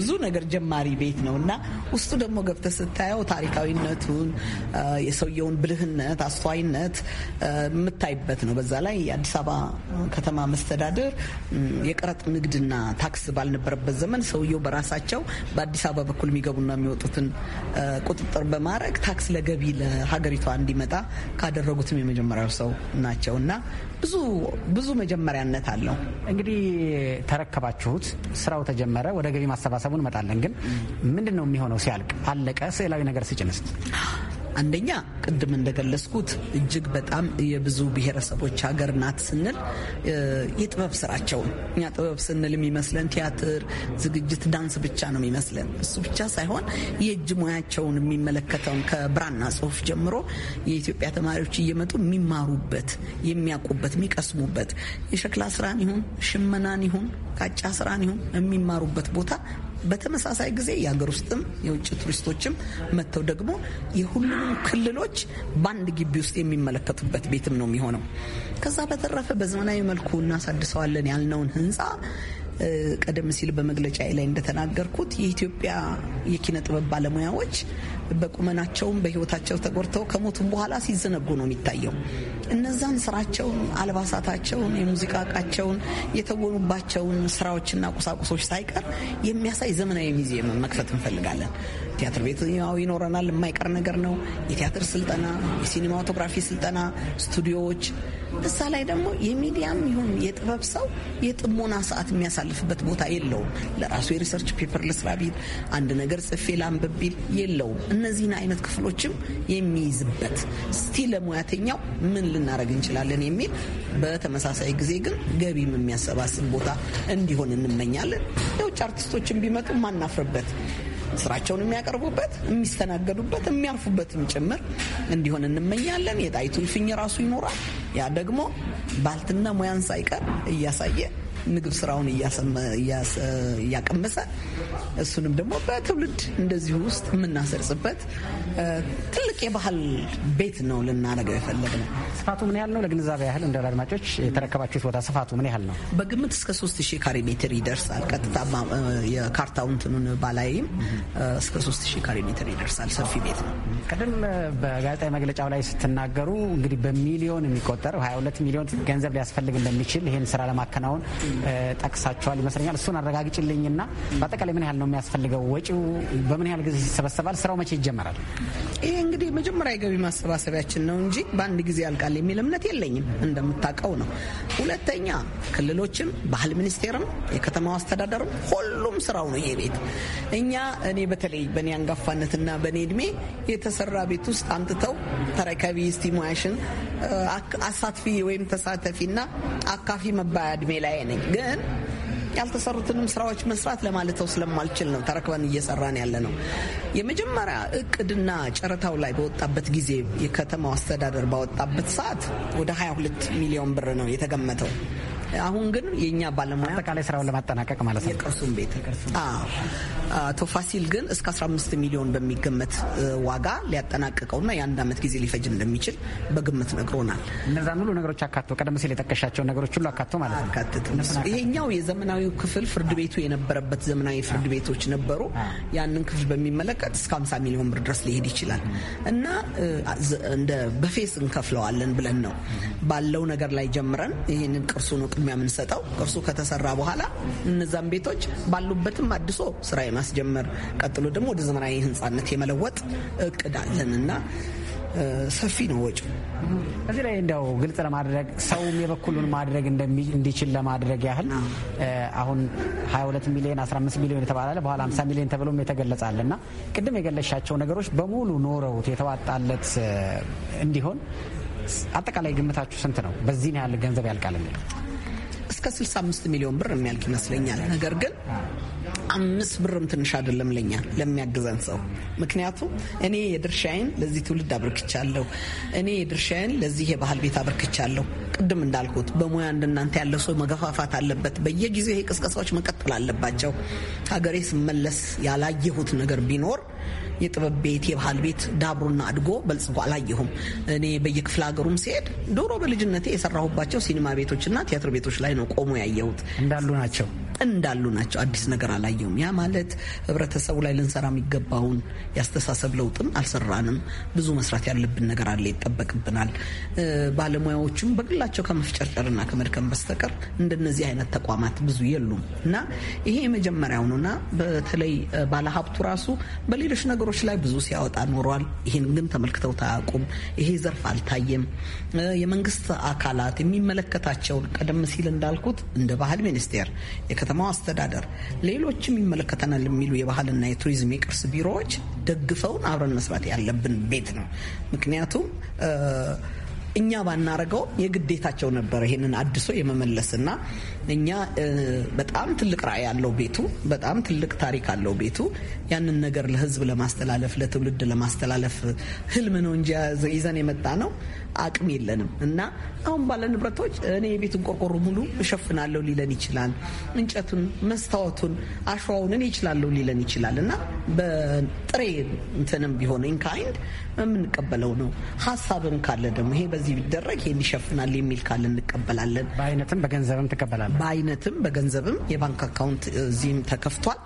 ብዙ ነገር ጀማሪ ቤት ነው እና ውስጡ ደግሞ ገብተ ስታየው ታሪካዊነቱን የሰውየውን ብልህነት፣ አስተዋይነት የምታይበት ነው። በዛ ላይ የአዲስ አበባ ከተማ መስተዳደር የቀረጥ ንግድና ታክስ ባልነበረበት ዘመን ሰውየው በራሳቸው በአዲስ አበባ በኩል የሚገቡና የሚወጡትን ቁጥጥር በማድረግ ታክስ ለገቢ ለሀገሪቷ እንዲመጣ ካደረጉትም የመጀመሪያው ሰው ናቸው እና ብዙ ብዙ መጀመሪያነት አለው። እንግዲህ ተረከባችሁት፣ ስራው ተጀመረ። ወደ ገቢ ማሰባሰቡ እንመጣለን። ግን ምንድን ነው የሚሆነው ሲያልቅ አለቀ? ስዕላዊ ነገር ሲጭንስ? አንደኛ ቅድም እንደገለጽኩት እጅግ በጣም የብዙ ብሔረሰቦች ሀገር ናት ስንል የጥበብ ስራቸውን እኛ ጥበብ ስንል የሚመስለን ቲያትር፣ ዝግጅት፣ ዳንስ ብቻ ነው የሚመስለን። እሱ ብቻ ሳይሆን የእጅ ሙያቸውን የሚመለከተውን ከብራና ጽሁፍ ጀምሮ የኢትዮጵያ ተማሪዎች እየመጡ የሚማሩበት የሚያውቁበት የሚማሩበት የሚቀስሙበት የሸክላ ስራን ይሁን ሽመናን ይሁን ቃጫ ስራን ይሁን የሚማሩበት ቦታ በተመሳሳይ ጊዜ የሀገር ውስጥም የውጭ ቱሪስቶችም መጥተው ደግሞ የሁሉም ክልሎች በአንድ ግቢ ውስጥ የሚመለከቱበት ቤትም ነው የሚሆነው። ከዛ በተረፈ በዘመናዊ መልኩ እናሳድሰዋለን ያልነውን ህንፃ ቀደም ሲል በመግለጫ ላይ እንደተናገርኩት የኢትዮጵያ የኪነ ጥበብ ባለሙያዎች በቁመናቸውም በህይወታቸው ተጎድተው ከሞቱም በኋላ ሲዘነጉ ነው የሚታየው። እነዛን ስራቸውን፣ አልባሳታቸውን፣ የሙዚቃ እቃቸውን፣ የተወኑባቸውን ስራዎችና ቁሳቁሶች ሳይቀር የሚያሳይ ዘመናዊ ሙዚየም መክፈት እንፈልጋለን። ቲያትር ቤት ያው ይኖረናል፣ የማይቀር ነገር ነው። የቲያትር ስልጠና፣ የሲኒማቶግራፊ ስልጠና፣ ስቱዲዮዎች እዛ ላይ ደግሞ የሚዲያም ይሁን የጥበብ ሰው የጥሞና ሰዓት የሚያሳልፍበት ቦታ የለውም። ለራሱ የሪሰርች ፔፐር ልስራ ቢል አንድ ነገር ጽፌ ላንብብ ቢል የለውም። እነዚህን አይነት ክፍሎችም የሚይዝበት ስቲ ለሙያተኛው ምን ልናደረግ እንችላለን የሚል በተመሳሳይ ጊዜ ግን ገቢም የሚያሰባስብ ቦታ እንዲሆን እንመኛለን። የውጭ አርቲስቶችን ቢመጡ ማናፍርበት ስራቸውን የሚያቀርቡበት የሚስተናገዱበት፣ የሚያርፉበትም ጭምር እንዲሆን እንመኛለን። የጣይቱ እልፍኝ ራሱ ይኖራል። ያ ደግሞ ባልትና ሙያን ሳይቀር እያሳየ ምግብ ስራውን እያቀመሰ እሱንም ደግሞ በትውልድ እንደዚሁ ውስጥ የምናሰርጽበት ትልቅ የባህል ቤት ነው ልናደርገው የፈለግነው። ስፋቱ ምን ያህል ነው? ለግንዛቤ ያህል እንደ አድማጮች የተረከባችሁት ቦታ ስፋቱ ምን ያህል ነው? በግምት እስከ 3 ሺህ ካሬ ሜትር ይደርሳል። ቀጥታ የካርታውን እንትኑን ባላይም እስከ ሶስት ካሬ ሜትር ይደርሳል። ሰፊ ቤት ነው። ቅድም በጋዜጣዊ መግለጫው ላይ ስትናገሩ እንግዲህ በሚሊዮን የሚቆጠር 22 ሚሊዮን ገንዘብ ሊያስፈልግ እንደሚችል ይህን ስራ ለማከናወን ጠቅሳቸዋል ይመስለኛል። እሱን አረጋግጭልኝና በአጠቃላይ ምን ያህል ነው የሚያስፈልገው? ወጪው በምን ያህል ጊዜ ይሰበሰባል? ስራው መቼ ይጀመራል? ይህ እንግዲህ መጀመሪያ የገቢ ማሰባሰቢያችን ነው እንጂ በአንድ ጊዜ ያልቃል የሚል እምነት የለኝም። እንደምታውቀው ነው። ሁለተኛ ክልሎችም፣ ባህል ሚኒስቴርም፣ የከተማው አስተዳደርም ሁሉም ስራው ነው ቤት እኛ እኔ በተለይ በእኔ አንጋፋነትና በእኔ እድሜ የተሰራ ቤት ውስጥ አምጥተው ተረካቢ እስቲ ሙያሽን አሳትፊ ወይም ተሳተፊና አካፊ መባያ እድሜ ላይ ነኝ። ግን ያልተሰሩትንም ስራዎች መስራት ለማለተው ስለማልችል ነው ተረክበን እየሰራን ያለ ነው። የመጀመሪያ እቅድና ጨረታው ላይ በወጣበት ጊዜ የከተማው አስተዳደር ባወጣበት ሰዓት ወደ 22 ሚሊዮን ብር ነው የተገመተው። አሁን ግን የእኛ ባለሙያ አጠቃላይ ስራውን ለማጠናቀቅ ማለት ነው። የቅርሱን ቤት አቶ ፋሲል ግን እስከ 15 ሚሊዮን በሚገመት ዋጋ ሊያጠናቅቀውና የአንድ ዓመት ጊዜ ሊፈጅ እንደሚችል በግምት ነግሮናል። እነዛን ሁሉ ነገሮች አካቶ ቀደም ሲል የጠቀሻቸውን ነገሮች ሁሉ አካቶ ማለት ነው። ይሄኛው የዘመናዊው ክፍል ፍርድ ቤቱ የነበረበት ዘመናዊ ፍርድ ቤቶች ነበሩ። ያንን ክፍል በሚመለከት እስከ 50 ሚሊዮን ብር ድረስ ሊሄድ ይችላል እና እንደ በፌስ እንከፍለዋለን ብለን ነው ባለው ነገር ላይ ጀምረን ይህንን ቅርሱን ቅድሚያ የምንሰጠው ቅርሱ ከተሰራ በኋላ እነዛን ቤቶች ባሉበትም አድሶ ስራ የማስጀመር ቀጥሎ ደግሞ ወደ ዘመናዊ ህንፃነት የመለወጥ እቅድ አለን እና ሰፊ ነው ወጪው። እዚህ ላይ እንደው ግልጽ ለማድረግ ሰውም የበኩሉን ማድረግ እንዲችል ለማድረግ ያህል አሁን 22 ሚሊዮን 15 ሚሊዮን የተባላለ በኋላ 50 ሚሊዮን ተብሎም የተገለጻል እና ቅድም የገለሻቸው ነገሮች በሙሉ ኖረውት የተዋጣለት እንዲሆን አጠቃላይ ግምታችሁ ስንት ነው? በዚህን ያህል ገንዘብ ያልቃል የሚለው እስከ 65 ሚሊዮን ብር የሚያልቅ ይመስለኛል። ነገር ግን አምስት ብርም ትንሽ አይደለም ለኛ ለሚያግዘን ሰው። ምክንያቱም እኔ የድርሻዬን ለዚህ ትውልድ አብርክቻለሁ። እኔ የድርሻዬን ለዚህ የባህል ቤት አብርክቻለሁ። ቅድም እንዳልኩት በሙያ እንደናንተ ያለ ሰው መገፋፋት አለበት። በየጊዜው ይሄ ቅስቀሳዎች መቀጠል አለባቸው። ሀገሬ ስመለስ ያላየሁት ነገር ቢኖር የጥበብ ቤት የባህል ቤት ዳብሮና አድጎ በልጽጎ አላየሁም። እኔ በየክፍለ ሀገሩም ሲሄድ ዶሮ በልጅነቴ የሰራሁባቸው ሲኒማ ቤቶችና ቲያትር ቤቶች ላይ ነው ቆሞ ያየሁት እንዳሉ ናቸው። እንዳሉ ናቸው። አዲስ ነገር አላየውም። ያ ማለት ህብረተሰቡ ላይ ልንሰራ የሚገባውን ያስተሳሰብ ለውጥም አልሰራንም። ብዙ መስራት ያለብን ነገር አለ፣ ይጠበቅብናል። ባለሙያዎቹም በግላቸው ከመፍጨርጨርና ከመድከም በስተቀር እንደነዚህ አይነት ተቋማት ብዙ የሉም እና ይሄ የመጀመሪያው ነው እና በተለይ ባለሀብቱ ራሱ በሌሎች ነገሮች ላይ ብዙ ሲያወጣ ኖሯል። ይህን ግን ተመልክተው ታያቁም። ይሄ ዘርፍ አልታየም። የመንግስት አካላት የሚመለከታቸውን ቀደም ሲል እንዳልኩት እንደ ባህል ሚኒስቴር፣ የከተ የከተማው አስተዳደር፣ ሌሎችም ይመለከተናል የሚሉ የባህልና የቱሪዝም የቅርስ ቢሮዎች ደግፈውን አብረን መስራት ያለብን ቤት ነው። ምክንያቱም እኛ ባናረገው የግዴታቸው ነበረ ይህንን አድሶ የመመለስና እኛ በጣም ትልቅ ራዕይ ያለው ቤቱ በጣም ትልቅ ታሪክ አለው ቤቱ። ያንን ነገር ለህዝብ ለማስተላለፍ ለትውልድ ለማስተላለፍ ህልም ነው እንጂ ይዘን የመጣ ነው አቅም የለንም እና አሁን ባለ ንብረቶች እኔ የቤቱን ቆርቆሮ ሙሉ እሸፍናለሁ ሊለን ይችላል። እንጨቱን፣ መስታወቱን፣ አሸዋውን እኔ ይችላለሁ ሊለን ይችላል እና በጥሬ እንትንም ቢሆን ኢንካይንድ የምንቀበለው ነው። ሀሳብም ካለ ደግሞ ይሄ በዚህ ቢደረግ ይሄን ይሸፍናል የሚል ካለ እንቀበላለን። በአይነትም በገንዘብም ትቀበላለ በአይነትም በገንዘብም የባንክ አካውንት እዚህም ተከፍቷል።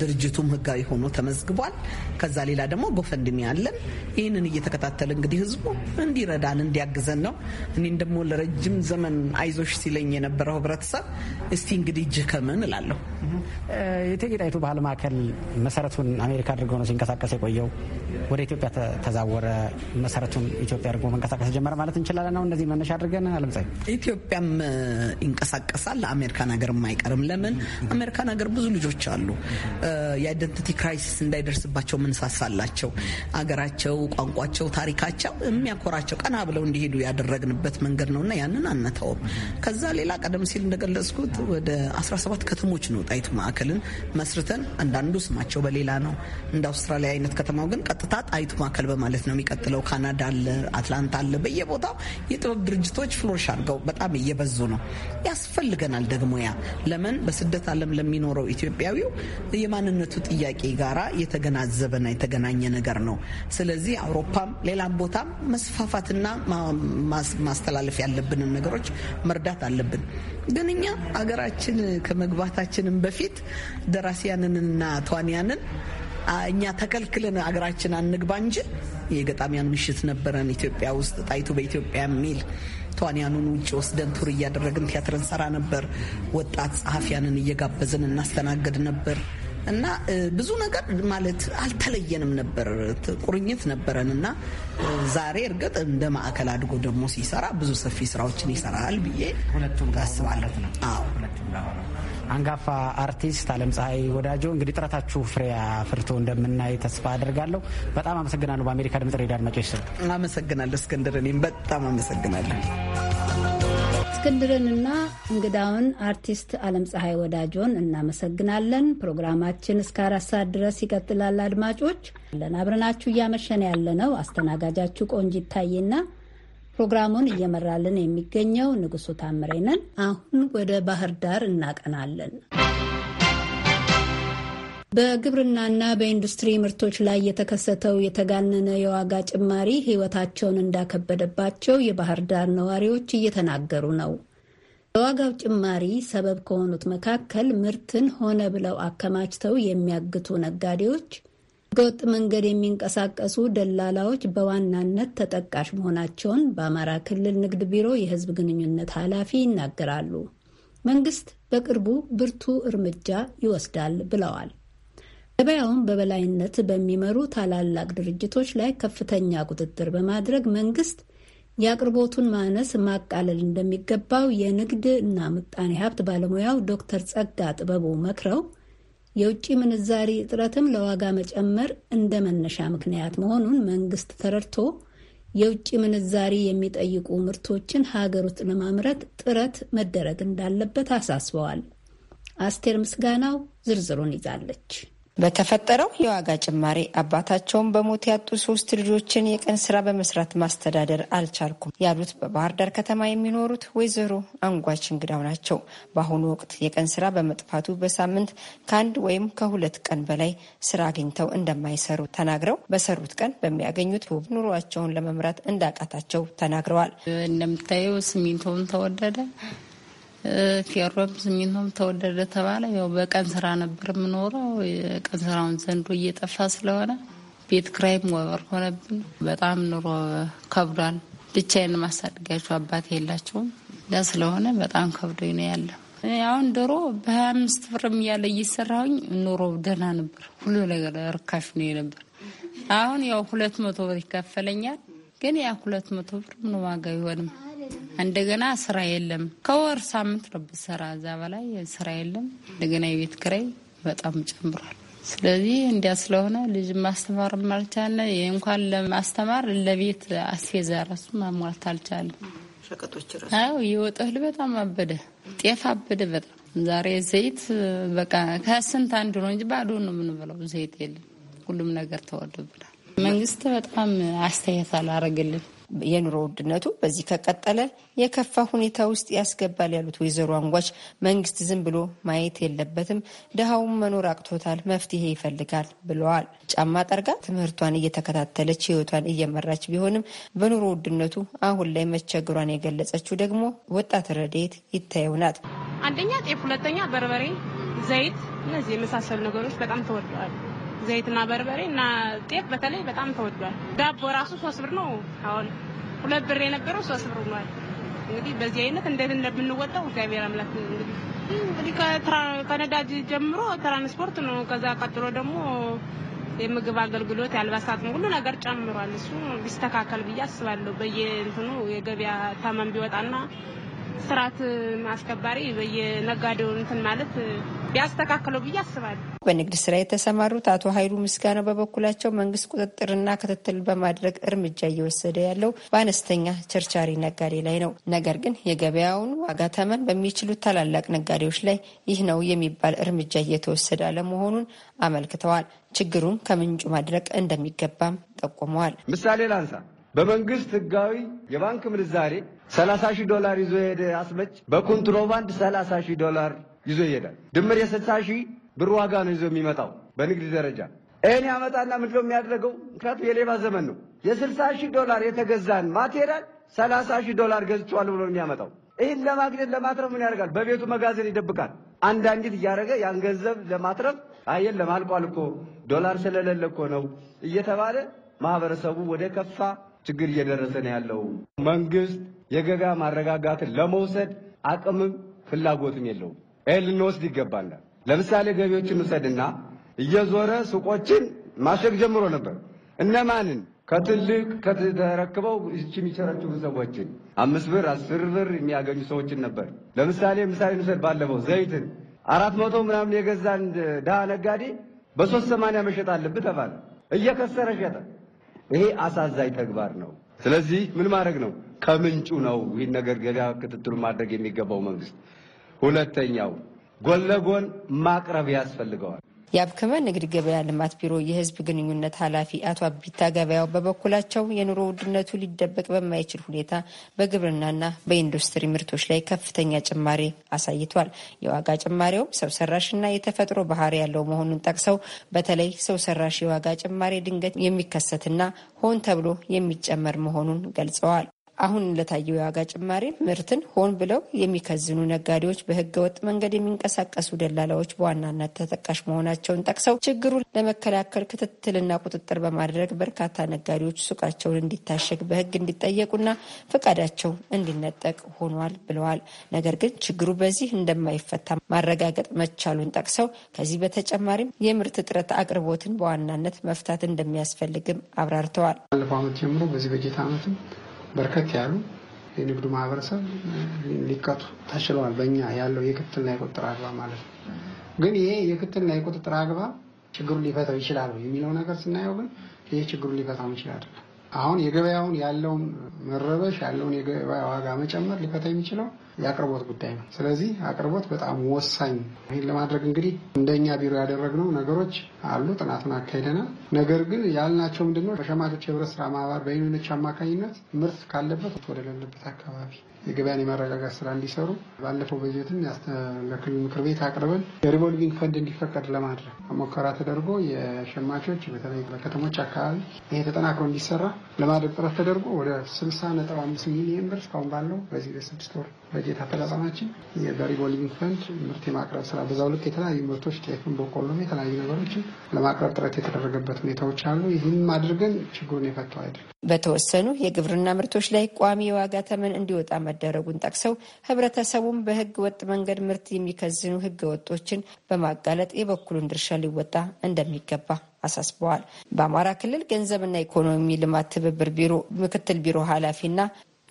ድርጅቱም ህጋዊ ሆኖ ተመዝግቧል። ከዛ ሌላ ደግሞ ጎፈንድሚ አለን። ይህንን እየተከታተለ እንግዲህ ህዝቡ እንዲረዳን እንዲያግዘን ነው። እኔም ደግሞ ለረጅም ዘመን አይዞሽ ሲለኝ የነበረው ህብረተሰብ እስቲ እንግዲህ እጅህ ከምን እላለሁ። የእቴጌ ጣይቱ ባህል ማዕከል መሰረቱን አሜሪካ አድርገው ነው ሲንቀሳቀስ የቆየው። ወደ ኢትዮጵያ ተዛወረ፣ መሰረቱን ኢትዮጵያ አድርጎ መንቀሳቀስ ጀመረ ማለት እንችላለን። ነው እንደዚህ መነሻ አድርገን አለምፀሐይ ኢትዮጵያም ይንቀሳቀሳል ይመጣል። ለአሜሪካን ሀገርም አይቀርም። ለምን አሜሪካን ሀገር ብዙ ልጆች አሉ። የአይደንቲቲ ክራይሲስ እንዳይደርስባቸው ምንሳሳላቸው አገራቸው፣ ቋንቋቸው፣ ታሪካቸው የሚያኮራቸው ቀና ብለው እንዲሄዱ ያደረግንበት መንገድ ነውና ያንን አነተውም። ከዛ ሌላ ቀደም ሲል እንደገለጽኩት ወደ 17 ከተሞች ነው ጣይቱ ማዕከልን መስርተን አንዳንዱ ስማቸው በሌላ ነው። እንደ አውስትራሊያ አይነት ከተማው ግን ቀጥታ ጣይቱ ማዕከል በማለት ነው የሚቀጥለው። ካናዳ አለ፣ አትላንታ አለ። በየቦታው የጥበብ ድርጅቶች ፍሎሪሽ አድርገው በጣም እየበዙ ነው ያስፈልግ ያደርገናል። ደግሞ ያ ለምን በስደት ዓለም ለሚኖረው ኢትዮጵያዊው የማንነቱ ጥያቄ ጋራ የተገናዘበና የተገናኘ ነገር ነው። ስለዚህ አውሮፓም ሌላም ቦታም መስፋፋትና ማስተላለፍ ያለብንን ነገሮች መርዳት አለብን። ግን እኛ አገራችን ከመግባታችንም በፊት ደራሲያንንና ተዋንያንን እኛ ተከልክለን አገራችን አንግባ እንጂ የገጣሚያን ምሽት ነበረን ኢትዮጵያ ውስጥ ጣይቱ በኢትዮጵያ የሚል ተዋንያኑን ውጭ ወስደን ቱር እያደረግን ቲያትር እንሰራ ነበር። ወጣት ጸሐፊያንን እየጋበዝን እናስተናግድ ነበር እና ብዙ ነገር ማለት አልተለየንም ነበር። ቁርኝት ነበረን እና ዛሬ እርግጥ እንደ ማዕከል አድጎ ደግሞ ሲሰራ ብዙ ሰፊ ስራዎችን ይሰራል ብዬ ነው። አንጋፋ አርቲስት አለም ፀሐይ ወዳጆ እንግዲህ ጥረታችሁ ፍሬ አፍርቶ እንደምናይ ተስፋ አድርጋለሁ። በጣም አመሰግናለሁ። በአሜሪካ ድምጽ ሬዲዮ አድማጮች ስም አመሰግናለሁ። እስክንድር እኔም በጣም አመሰግናለሁ። እስክንድርንና እንግዳውን አርቲስት አለም ፀሐይ ወዳጆን እናመሰግናለን። ፕሮግራማችን እስከ አራት ሰዓት ድረስ ይቀጥላል። አድማጮች ለን አብረናችሁ እያመሸን ያለነው አስተናጋጃችሁ ቆንጅ ይታይና ፕሮግራሙን እየመራልን የሚገኘው ንጉሱ ታምሬ ነን። አሁን ወደ ባህር ዳር እናቀናለን። በግብርናና በኢንዱስትሪ ምርቶች ላይ የተከሰተው የተጋነነ የዋጋ ጭማሪ ሕይወታቸውን እንዳከበደባቸው የባህር ዳር ነዋሪዎች እየተናገሩ ነው። የዋጋው ጭማሪ ሰበብ ከሆኑት መካከል ምርትን ሆነ ብለው አከማችተው የሚያግቱ ነጋዴዎች ህገወጥ መንገድ የሚንቀሳቀሱ ደላላዎች በዋናነት ተጠቃሽ መሆናቸውን በአማራ ክልል ንግድ ቢሮ የህዝብ ግንኙነት ኃላፊ ይናገራሉ። መንግስት በቅርቡ ብርቱ እርምጃ ይወስዳል ብለዋል። ገበያውን በበላይነት በሚመሩ ታላላቅ ድርጅቶች ላይ ከፍተኛ ቁጥጥር በማድረግ መንግስት የአቅርቦቱን ማነስ ማቃለል እንደሚገባው የንግድ እና ምጣኔ ሀብት ባለሙያው ዶክተር ጸጋ ጥበቡ መክረው የውጭ ምንዛሪ እጥረትም ለዋጋ መጨመር እንደ መነሻ ምክንያት መሆኑን መንግስት ተረድቶ የውጭ ምንዛሪ የሚጠይቁ ምርቶችን ሀገር ውስጥ ለማምረት ጥረት መደረግ እንዳለበት አሳስበዋል። አስቴር ምስጋናው ዝርዝሩን ይዛለች። በተፈጠረው የዋጋ ጭማሪ አባታቸውን በሞት ያጡ ሶስት ልጆችን የቀን ስራ በመስራት ማስተዳደር አልቻልኩም ያሉት በባህር ዳር ከተማ የሚኖሩት ወይዘሮ አንጓች እንግዳው ናቸው። በአሁኑ ወቅት የቀን ስራ በመጥፋቱ በሳምንት ከአንድ ወይም ከሁለት ቀን በላይ ስራ አግኝተው እንደማይሰሩ ተናግረው በሰሩት ቀን በሚያገኙት ኑሯቸውን ለመምራት እንዳቃታቸው ተናግረዋል። እንደምታየው ሲሚንቶውን ተወደደ ፌሮም ሲሚንቶም ተወደደ ተባለ። ያው በቀን ስራ ነበር የምኖረው። የቀን ስራውን ዘንዶ እየጠፋ ስለሆነ ቤት ክራይም ወበር ሆነብን። በጣም ኑሮ ከብዷል። ብቻዬን ማሳድጋቸው አባት የላቸውም። ዳ ስለሆነ በጣም ከብዶኝ ነው ያለ። አሁን ድሮ በሀያ አምስት ብርም እያለ እየሰራሁኝ ኑሮ ደህና ነበር። ሁሉ ነገር ርካሽ ነው ነበር። አሁን ያው ሁለት መቶ ብር ይከፈለኛል። ግን ያ ሁለት መቶ ብር ምን ዋጋ ይሆንም? እንደገና ስራ የለም። ከወር ሳምንት ነው ብሰራ እዛ በላይ ስራ የለም። እንደገና የቤት ክራይ በጣም ጨምሯል። ስለዚህ እንዲያ ስለሆነ ልጅ ማስተማር ማልቻለ እንኳን ለማስተማር ለቤት አስቤዛ ራሱ ማሟላት አልቻለ። ሸቀጦች የወጥ እህል በጣም አበደ፣ ጤፍ አበደ በጣም ዛሬ ዘይት በቃ ከስንት አንዱ ነው እንጂ ባዶ ነው የምንበላው። ዘይት የለም፣ ሁሉም ነገር ተወዶብናል። መንግስት በጣም አስተያየት አላረግልን የኑሮ ውድነቱ በዚህ ከቀጠለ የከፋ ሁኔታ ውስጥ ያስገባል ያሉት ወይዘሮ አንጓች መንግስት ዝም ብሎ ማየት የለበትም፣ ድሃውን መኖር አቅቶታል፣ መፍትሄ ይፈልጋል ብለዋል። ጫማ ጠርጋ ትምህርቷን እየተከታተለች ህይወቷን እየመራች ቢሆንም በኑሮ ውድነቱ አሁን ላይ መቸግሯን የገለጸችው ደግሞ ወጣት ረዴት ይታየው ናት። አንደኛ ጤፍ፣ ሁለተኛ በርበሬ፣ ዘይት እነዚህ የመሳሰሉ ነገሮች በጣም ተወደዋል። ዘይትና በርበሬ እና ጤፍ በተለይ በጣም ተወዷል። ዳቦ ራሱ ሶስት ብር ነው። አሁን ሁለት ብር የነበረው ሶስት ብር ሆኗል። እንግዲህ በዚህ አይነት እንዴት እንደምንወጣው እግዚአብሔር አምላክ እንግዲህ እንግዲህ ከነዳጅ ጀምሮ ትራንስፖርት ነው። ከዛ ቀጥሎ ደግሞ የምግብ አገልግሎት ያልባሳት ሁሉ ነገር ጨምሯል። እሱ ቢስተካከል ብዬ አስባለሁ። በየእንትኑ የገበያ ተመን ቢወጣና ስርዓት አስከባሪ በየነጋዴው እንትን ማለት ቢያስተካክለው ብዬ አስባለሁ። በንግድ ስራ የተሰማሩት አቶ ኃይሉ ምስጋናው በበኩላቸው መንግስት ቁጥጥርና ክትትል በማድረግ እርምጃ እየወሰደ ያለው በአነስተኛ ቸርቻሪ ነጋዴ ላይ ነው። ነገር ግን የገበያውን ዋጋ ተመን በሚችሉት ታላላቅ ነጋዴዎች ላይ ይህ ነው የሚባል እርምጃ እየተወሰደ አለመሆኑን አመልክተዋል። ችግሩን ከምንጩ ማድረግ እንደሚገባም ጠቁመዋል። ምሳሌ ላንሳ። በመንግስት ህጋዊ የባንክ ምንዛሬ 30 ሺህ ዶላር ይዞ የሄደ አስመጭ በኮንትሮባንድ 30 ሺህ ዶላር ይዞ ይሄዳል። ድምር የ60 ሺህ ብር ዋጋ ነው ይዞ የሚመጣው በንግድ ደረጃ። ይህን ያመጣና ምንድነው የሚያደርገው? ምክንያቱም የሌባ ዘመን ነው። የ60 ሺህ ዶላር የተገዛን ማቴሪያል 30 ሺህ ዶላር ገዝቸዋል ብሎ የሚያመጣው ይህን ለማግኘት ለማትረፍ ምን ያደርጋል? በቤቱ መጋዘን ይደብቃል። አንዳንዲት እያደረገ ያን ገንዘብ ለማትረፍ አየን ለማልቋል እኮ ዶላር ስለሌለ እኮ ነው እየተባለ ማህበረሰቡ ወደ ከፋ ችግር እየደረሰ ነው ያለው። መንግስት የገበያ ማረጋጋትን ለመውሰድ አቅምም ፍላጎትም የለውም። ይህ ልንወስድ ይገባናል። ለምሳሌ ገቢዎችን ውሰድና እየዞረ ሱቆችን ማሸግ ጀምሮ ነበር። እነማንን ከትልቅ ከተረክበው እች የሚቸረችሩ ሰዎችን አምስት ብር አስር ብር የሚያገኙ ሰዎችን ነበር። ለምሳሌ ምሳሌ ንውሰድ። ባለፈው ዘይትን አራት መቶ ምናምን የገዛን ድሃ ነጋዴ በሶስት ሰማንያ መሸጥ አለብህ ተባለ። እየከሰረ ሸጠ። ይሄ አሳዛኝ ተግባር ነው። ስለዚህ ምን ማድረግ ነው? ከምንጩ ነው ይህን ነገር ገበያ ክትትሉ ማድረግ የሚገባው መንግስት። ሁለተኛው ጎን ለጎን ማቅረብ ያስፈልገዋል። የአብክመ ንግድ ገበያ ልማት ቢሮ የህዝብ ግንኙነት ኃላፊ አቶ አቢታ ገበያው በበኩላቸው የኑሮ ውድነቱ ሊደበቅ በማይችል ሁኔታ በግብርናና በኢንዱስትሪ ምርቶች ላይ ከፍተኛ ጭማሪ አሳይቷል። የዋጋ ጭማሪውም ሰው ሰራሽና የተፈጥሮ ባህሪ ያለው መሆኑን ጠቅሰው በተለይ ሰው ሰራሽ የዋጋ ጭማሪ ድንገት የሚከሰትና ሆን ተብሎ የሚጨመር መሆኑን ገልጸዋል። አሁን ለታየው የዋጋ ጭማሪ ምርትን ሆን ብለው የሚከዝኑ ነጋዴዎች፣ በህገወጥ መንገድ የሚንቀሳቀሱ ደላላዎች በዋናነት ተጠቃሽ መሆናቸውን ጠቅሰው ችግሩን ለመከላከል ክትትልና ቁጥጥር በማድረግ በርካታ ነጋዴዎች ሱቃቸውን እንዲታሸግ በህግ እንዲጠየቁና ፈቃዳቸው እንዲነጠቅ ሆኗል ብለዋል። ነገር ግን ችግሩ በዚህ እንደማይፈታ ማረጋገጥ መቻሉን ጠቅሰው ከዚህ በተጨማሪም የምርት እጥረት አቅርቦትን በዋናነት መፍታት እንደሚያስፈልግም አብራርተዋል። ባለፈው ዓመት ጀምሮ በዚህ በጀት ዓመትም በርከት ያሉ የንግዱ ማህበረሰብ ሊቀጡ ተችለዋል። በእኛ ያለው የክትትልና የቁጥጥር አግባብ ማለት ነው። ግን ይሄ የክትትልና የቁጥጥር አግባብ ችግሩን ሊፈታው ይችላል የሚለው ነገር ስናየው ግን ይሄ ችግሩን ሊፈታው ይችላል። አሁን የገበያውን ያለውን መረበሽ ያለውን የገበያ ዋጋ መጨመር ሊፈታ የሚችለው የአቅርቦት ጉዳይ ነው። ስለዚህ አቅርቦት በጣም ወሳኝ። ይህን ለማድረግ እንግዲህ እንደኛ ቢሮ ያደረግነው ነገሮች አሉ። ጥናቱን አካሂደናል። ነገር ግን ያልናቸው ምንድነው በሸማቾች የህብረት ስራ ማህበር በዩኒኖች አማካኝነት ምርት ካለበት ወደሌለበት አካባቢ የገበያን የማረጋጋት ስራ እንዲሰሩ ባለፈው በጀትን ለክልል ምክር ቤት አቅርበን የሪቮልቪንግ ፈንድ እንዲፈቀድ ለማድረግ ሙከራ ተደርጎ የሸማቾች በተለይ በከተሞች አካባቢ ይሄ ተጠናክሮ እንዲሰራ ለማድረግ ጥረት ተደርጎ ወደ 60 ነጥብ አምስት ሚሊዮን ብር እስካሁን ባለው በዚህ በስድስት ወር በጀት አፈጻጸማችን የበሪጎ ፈንድ ምርት የማቅረብ ስራ በዛው ልክ የተለያዩ ምርቶች ጤፍን፣ በቆሎም የተለያዩ ነገሮችን ለማቅረብ ጥረት የተደረገበት ሁኔታዎች አሉ። ይህም አድርገን ችግሩን የፈተው አይደለም። በተወሰኑ የግብርና ምርቶች ላይ ቋሚ የዋጋ ተመን እንዲወጣ መደረጉን ጠቅሰው ህብረተሰቡም በህገ ወጥ መንገድ ምርት የሚከዝኑ ህገ ወጦችን በማጋለጥ የበኩሉን ድርሻ ሊወጣ እንደሚገባ አሳስበዋል። በአማራ ክልል ገንዘብና ኢኮኖሚ ልማት ትብብር ቢሮ ምክትል ቢሮ ኃላፊና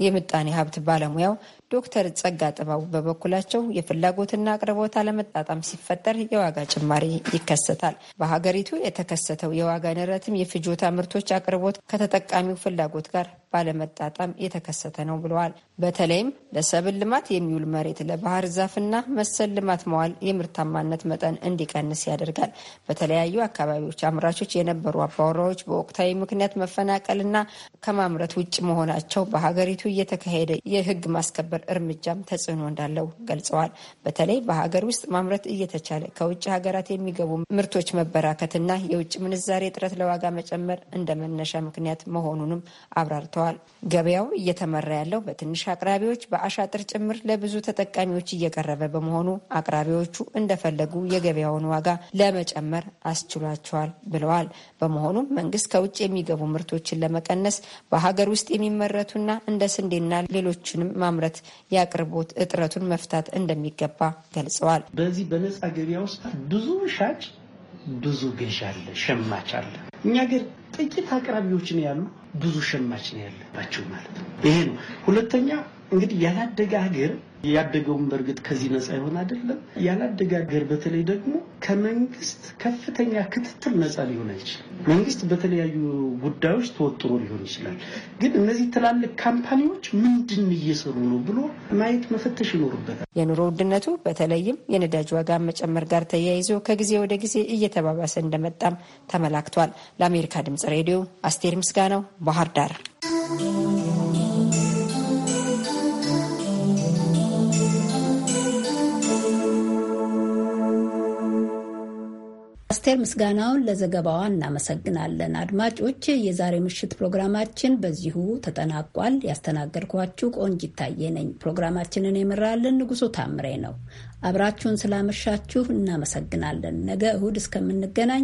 የምጣኔ ሀብት ባለሙያው ዶክተር ጸጋ ጥበቡ በበኩላቸው የፍላጎትና አቅርቦት አለመጣጣም ሲፈጠር የዋጋ ጭማሪ ይከሰታል። በሀገሪቱ የተከሰተው የዋጋ ንረትም የፍጆታ ምርቶች አቅርቦት ከተጠቃሚው ፍላጎት ጋር ባለመጣጣም የተከሰተ ነው ብለዋል። በተለይም ለሰብል ልማት የሚውል መሬት ለባህር ዛፍና መሰል ልማት መዋል የምርታማነት መጠን እንዲቀንስ ያደርጋል። በተለያዩ አካባቢዎች አምራቾች የነበሩ አባወራዎች በወቅታዊ ምክንያት መፈናቀልና ከማምረት ውጭ መሆናቸው በሀገሪቱ እየተካሄደ የህግ ማስከበር እርምጃም ተጽዕኖ እንዳለው ገልጸዋል። በተለይ በሀገር ውስጥ ማምረት እየተቻለ ከውጭ ሀገራት የሚገቡ ምርቶች መበራከትና የውጭ ምንዛሬ እጥረት ለዋጋ መጨመር እንደ መነሻ ምክንያት መሆኑንም አብራርተዋል። ገበያው እየተመራ ያለው በትንሽ አቅራቢዎች በአሻጥር ጭምር ለብዙ ተጠቃሚዎች እየቀረበ በመሆኑ አቅራቢዎቹ እንደፈለጉ የገበያውን ዋጋ ለመጨመር አስችሏቸዋል ብለዋል። በመሆኑም መንግስት ከውጭ የሚገቡ ምርቶችን ለመቀነስ በሀገር ውስጥ የሚመረቱና እንደ ስንዴና ሌሎችንም ማምረት የአቅርቦት እጥረቱን መፍታት እንደሚገባ ገልጸዋል። በዚህ በነጻ ገበያ ውስጥ ብዙ ሻጭ ብዙ ገዥ አለ፣ ሸማች አለ። እኛ ግን ጥቂት አቅራቢዎች ነው ያሉ፣ ብዙ ሸማች ነው ያለባቸው ማለት ነው። ይሄ ነው ሁለተኛ እንግዲህ ያላደገ ሀገር ያደገውን በእርግጥ ከዚህ ነፃ ይሆን አይደለም። ያላደገ ሀገር በተለይ ደግሞ ከመንግስት ከፍተኛ ክትትል ነፃ ሊሆን አይችልም። መንግስት በተለያዩ ጉዳዮች ተወጥሮ ሊሆን ይችላል። ግን እነዚህ ትላልቅ ካምፓኒዎች ምንድን እየሰሩ ነው ብሎ ማየት መፈተሽ ይኖርበታል። የኑሮ ውድነቱ በተለይም የነዳጅ ዋጋ መጨመር ጋር ተያይዞ ከጊዜ ወደ ጊዜ እየተባባሰ እንደመጣም ተመላክቷል። ለአሜሪካ ድምጽ ሬዲዮ አስቴር ምስጋናው ባህር ዳር አስቴር ምስጋናውን ለዘገባዋ እናመሰግናለን። አድማጮች፣ የዛሬ ምሽት ፕሮግራማችን በዚሁ ተጠናቋል። ያስተናገድኳችሁ ቆንጅ ይታየ ነኝ። ፕሮግራማችንን የመራልን ንጉሱ ታምሬ ነው። አብራችሁን ስላመሻችሁ እናመሰግናለን። ነገ እሁድ እስከምንገናኝ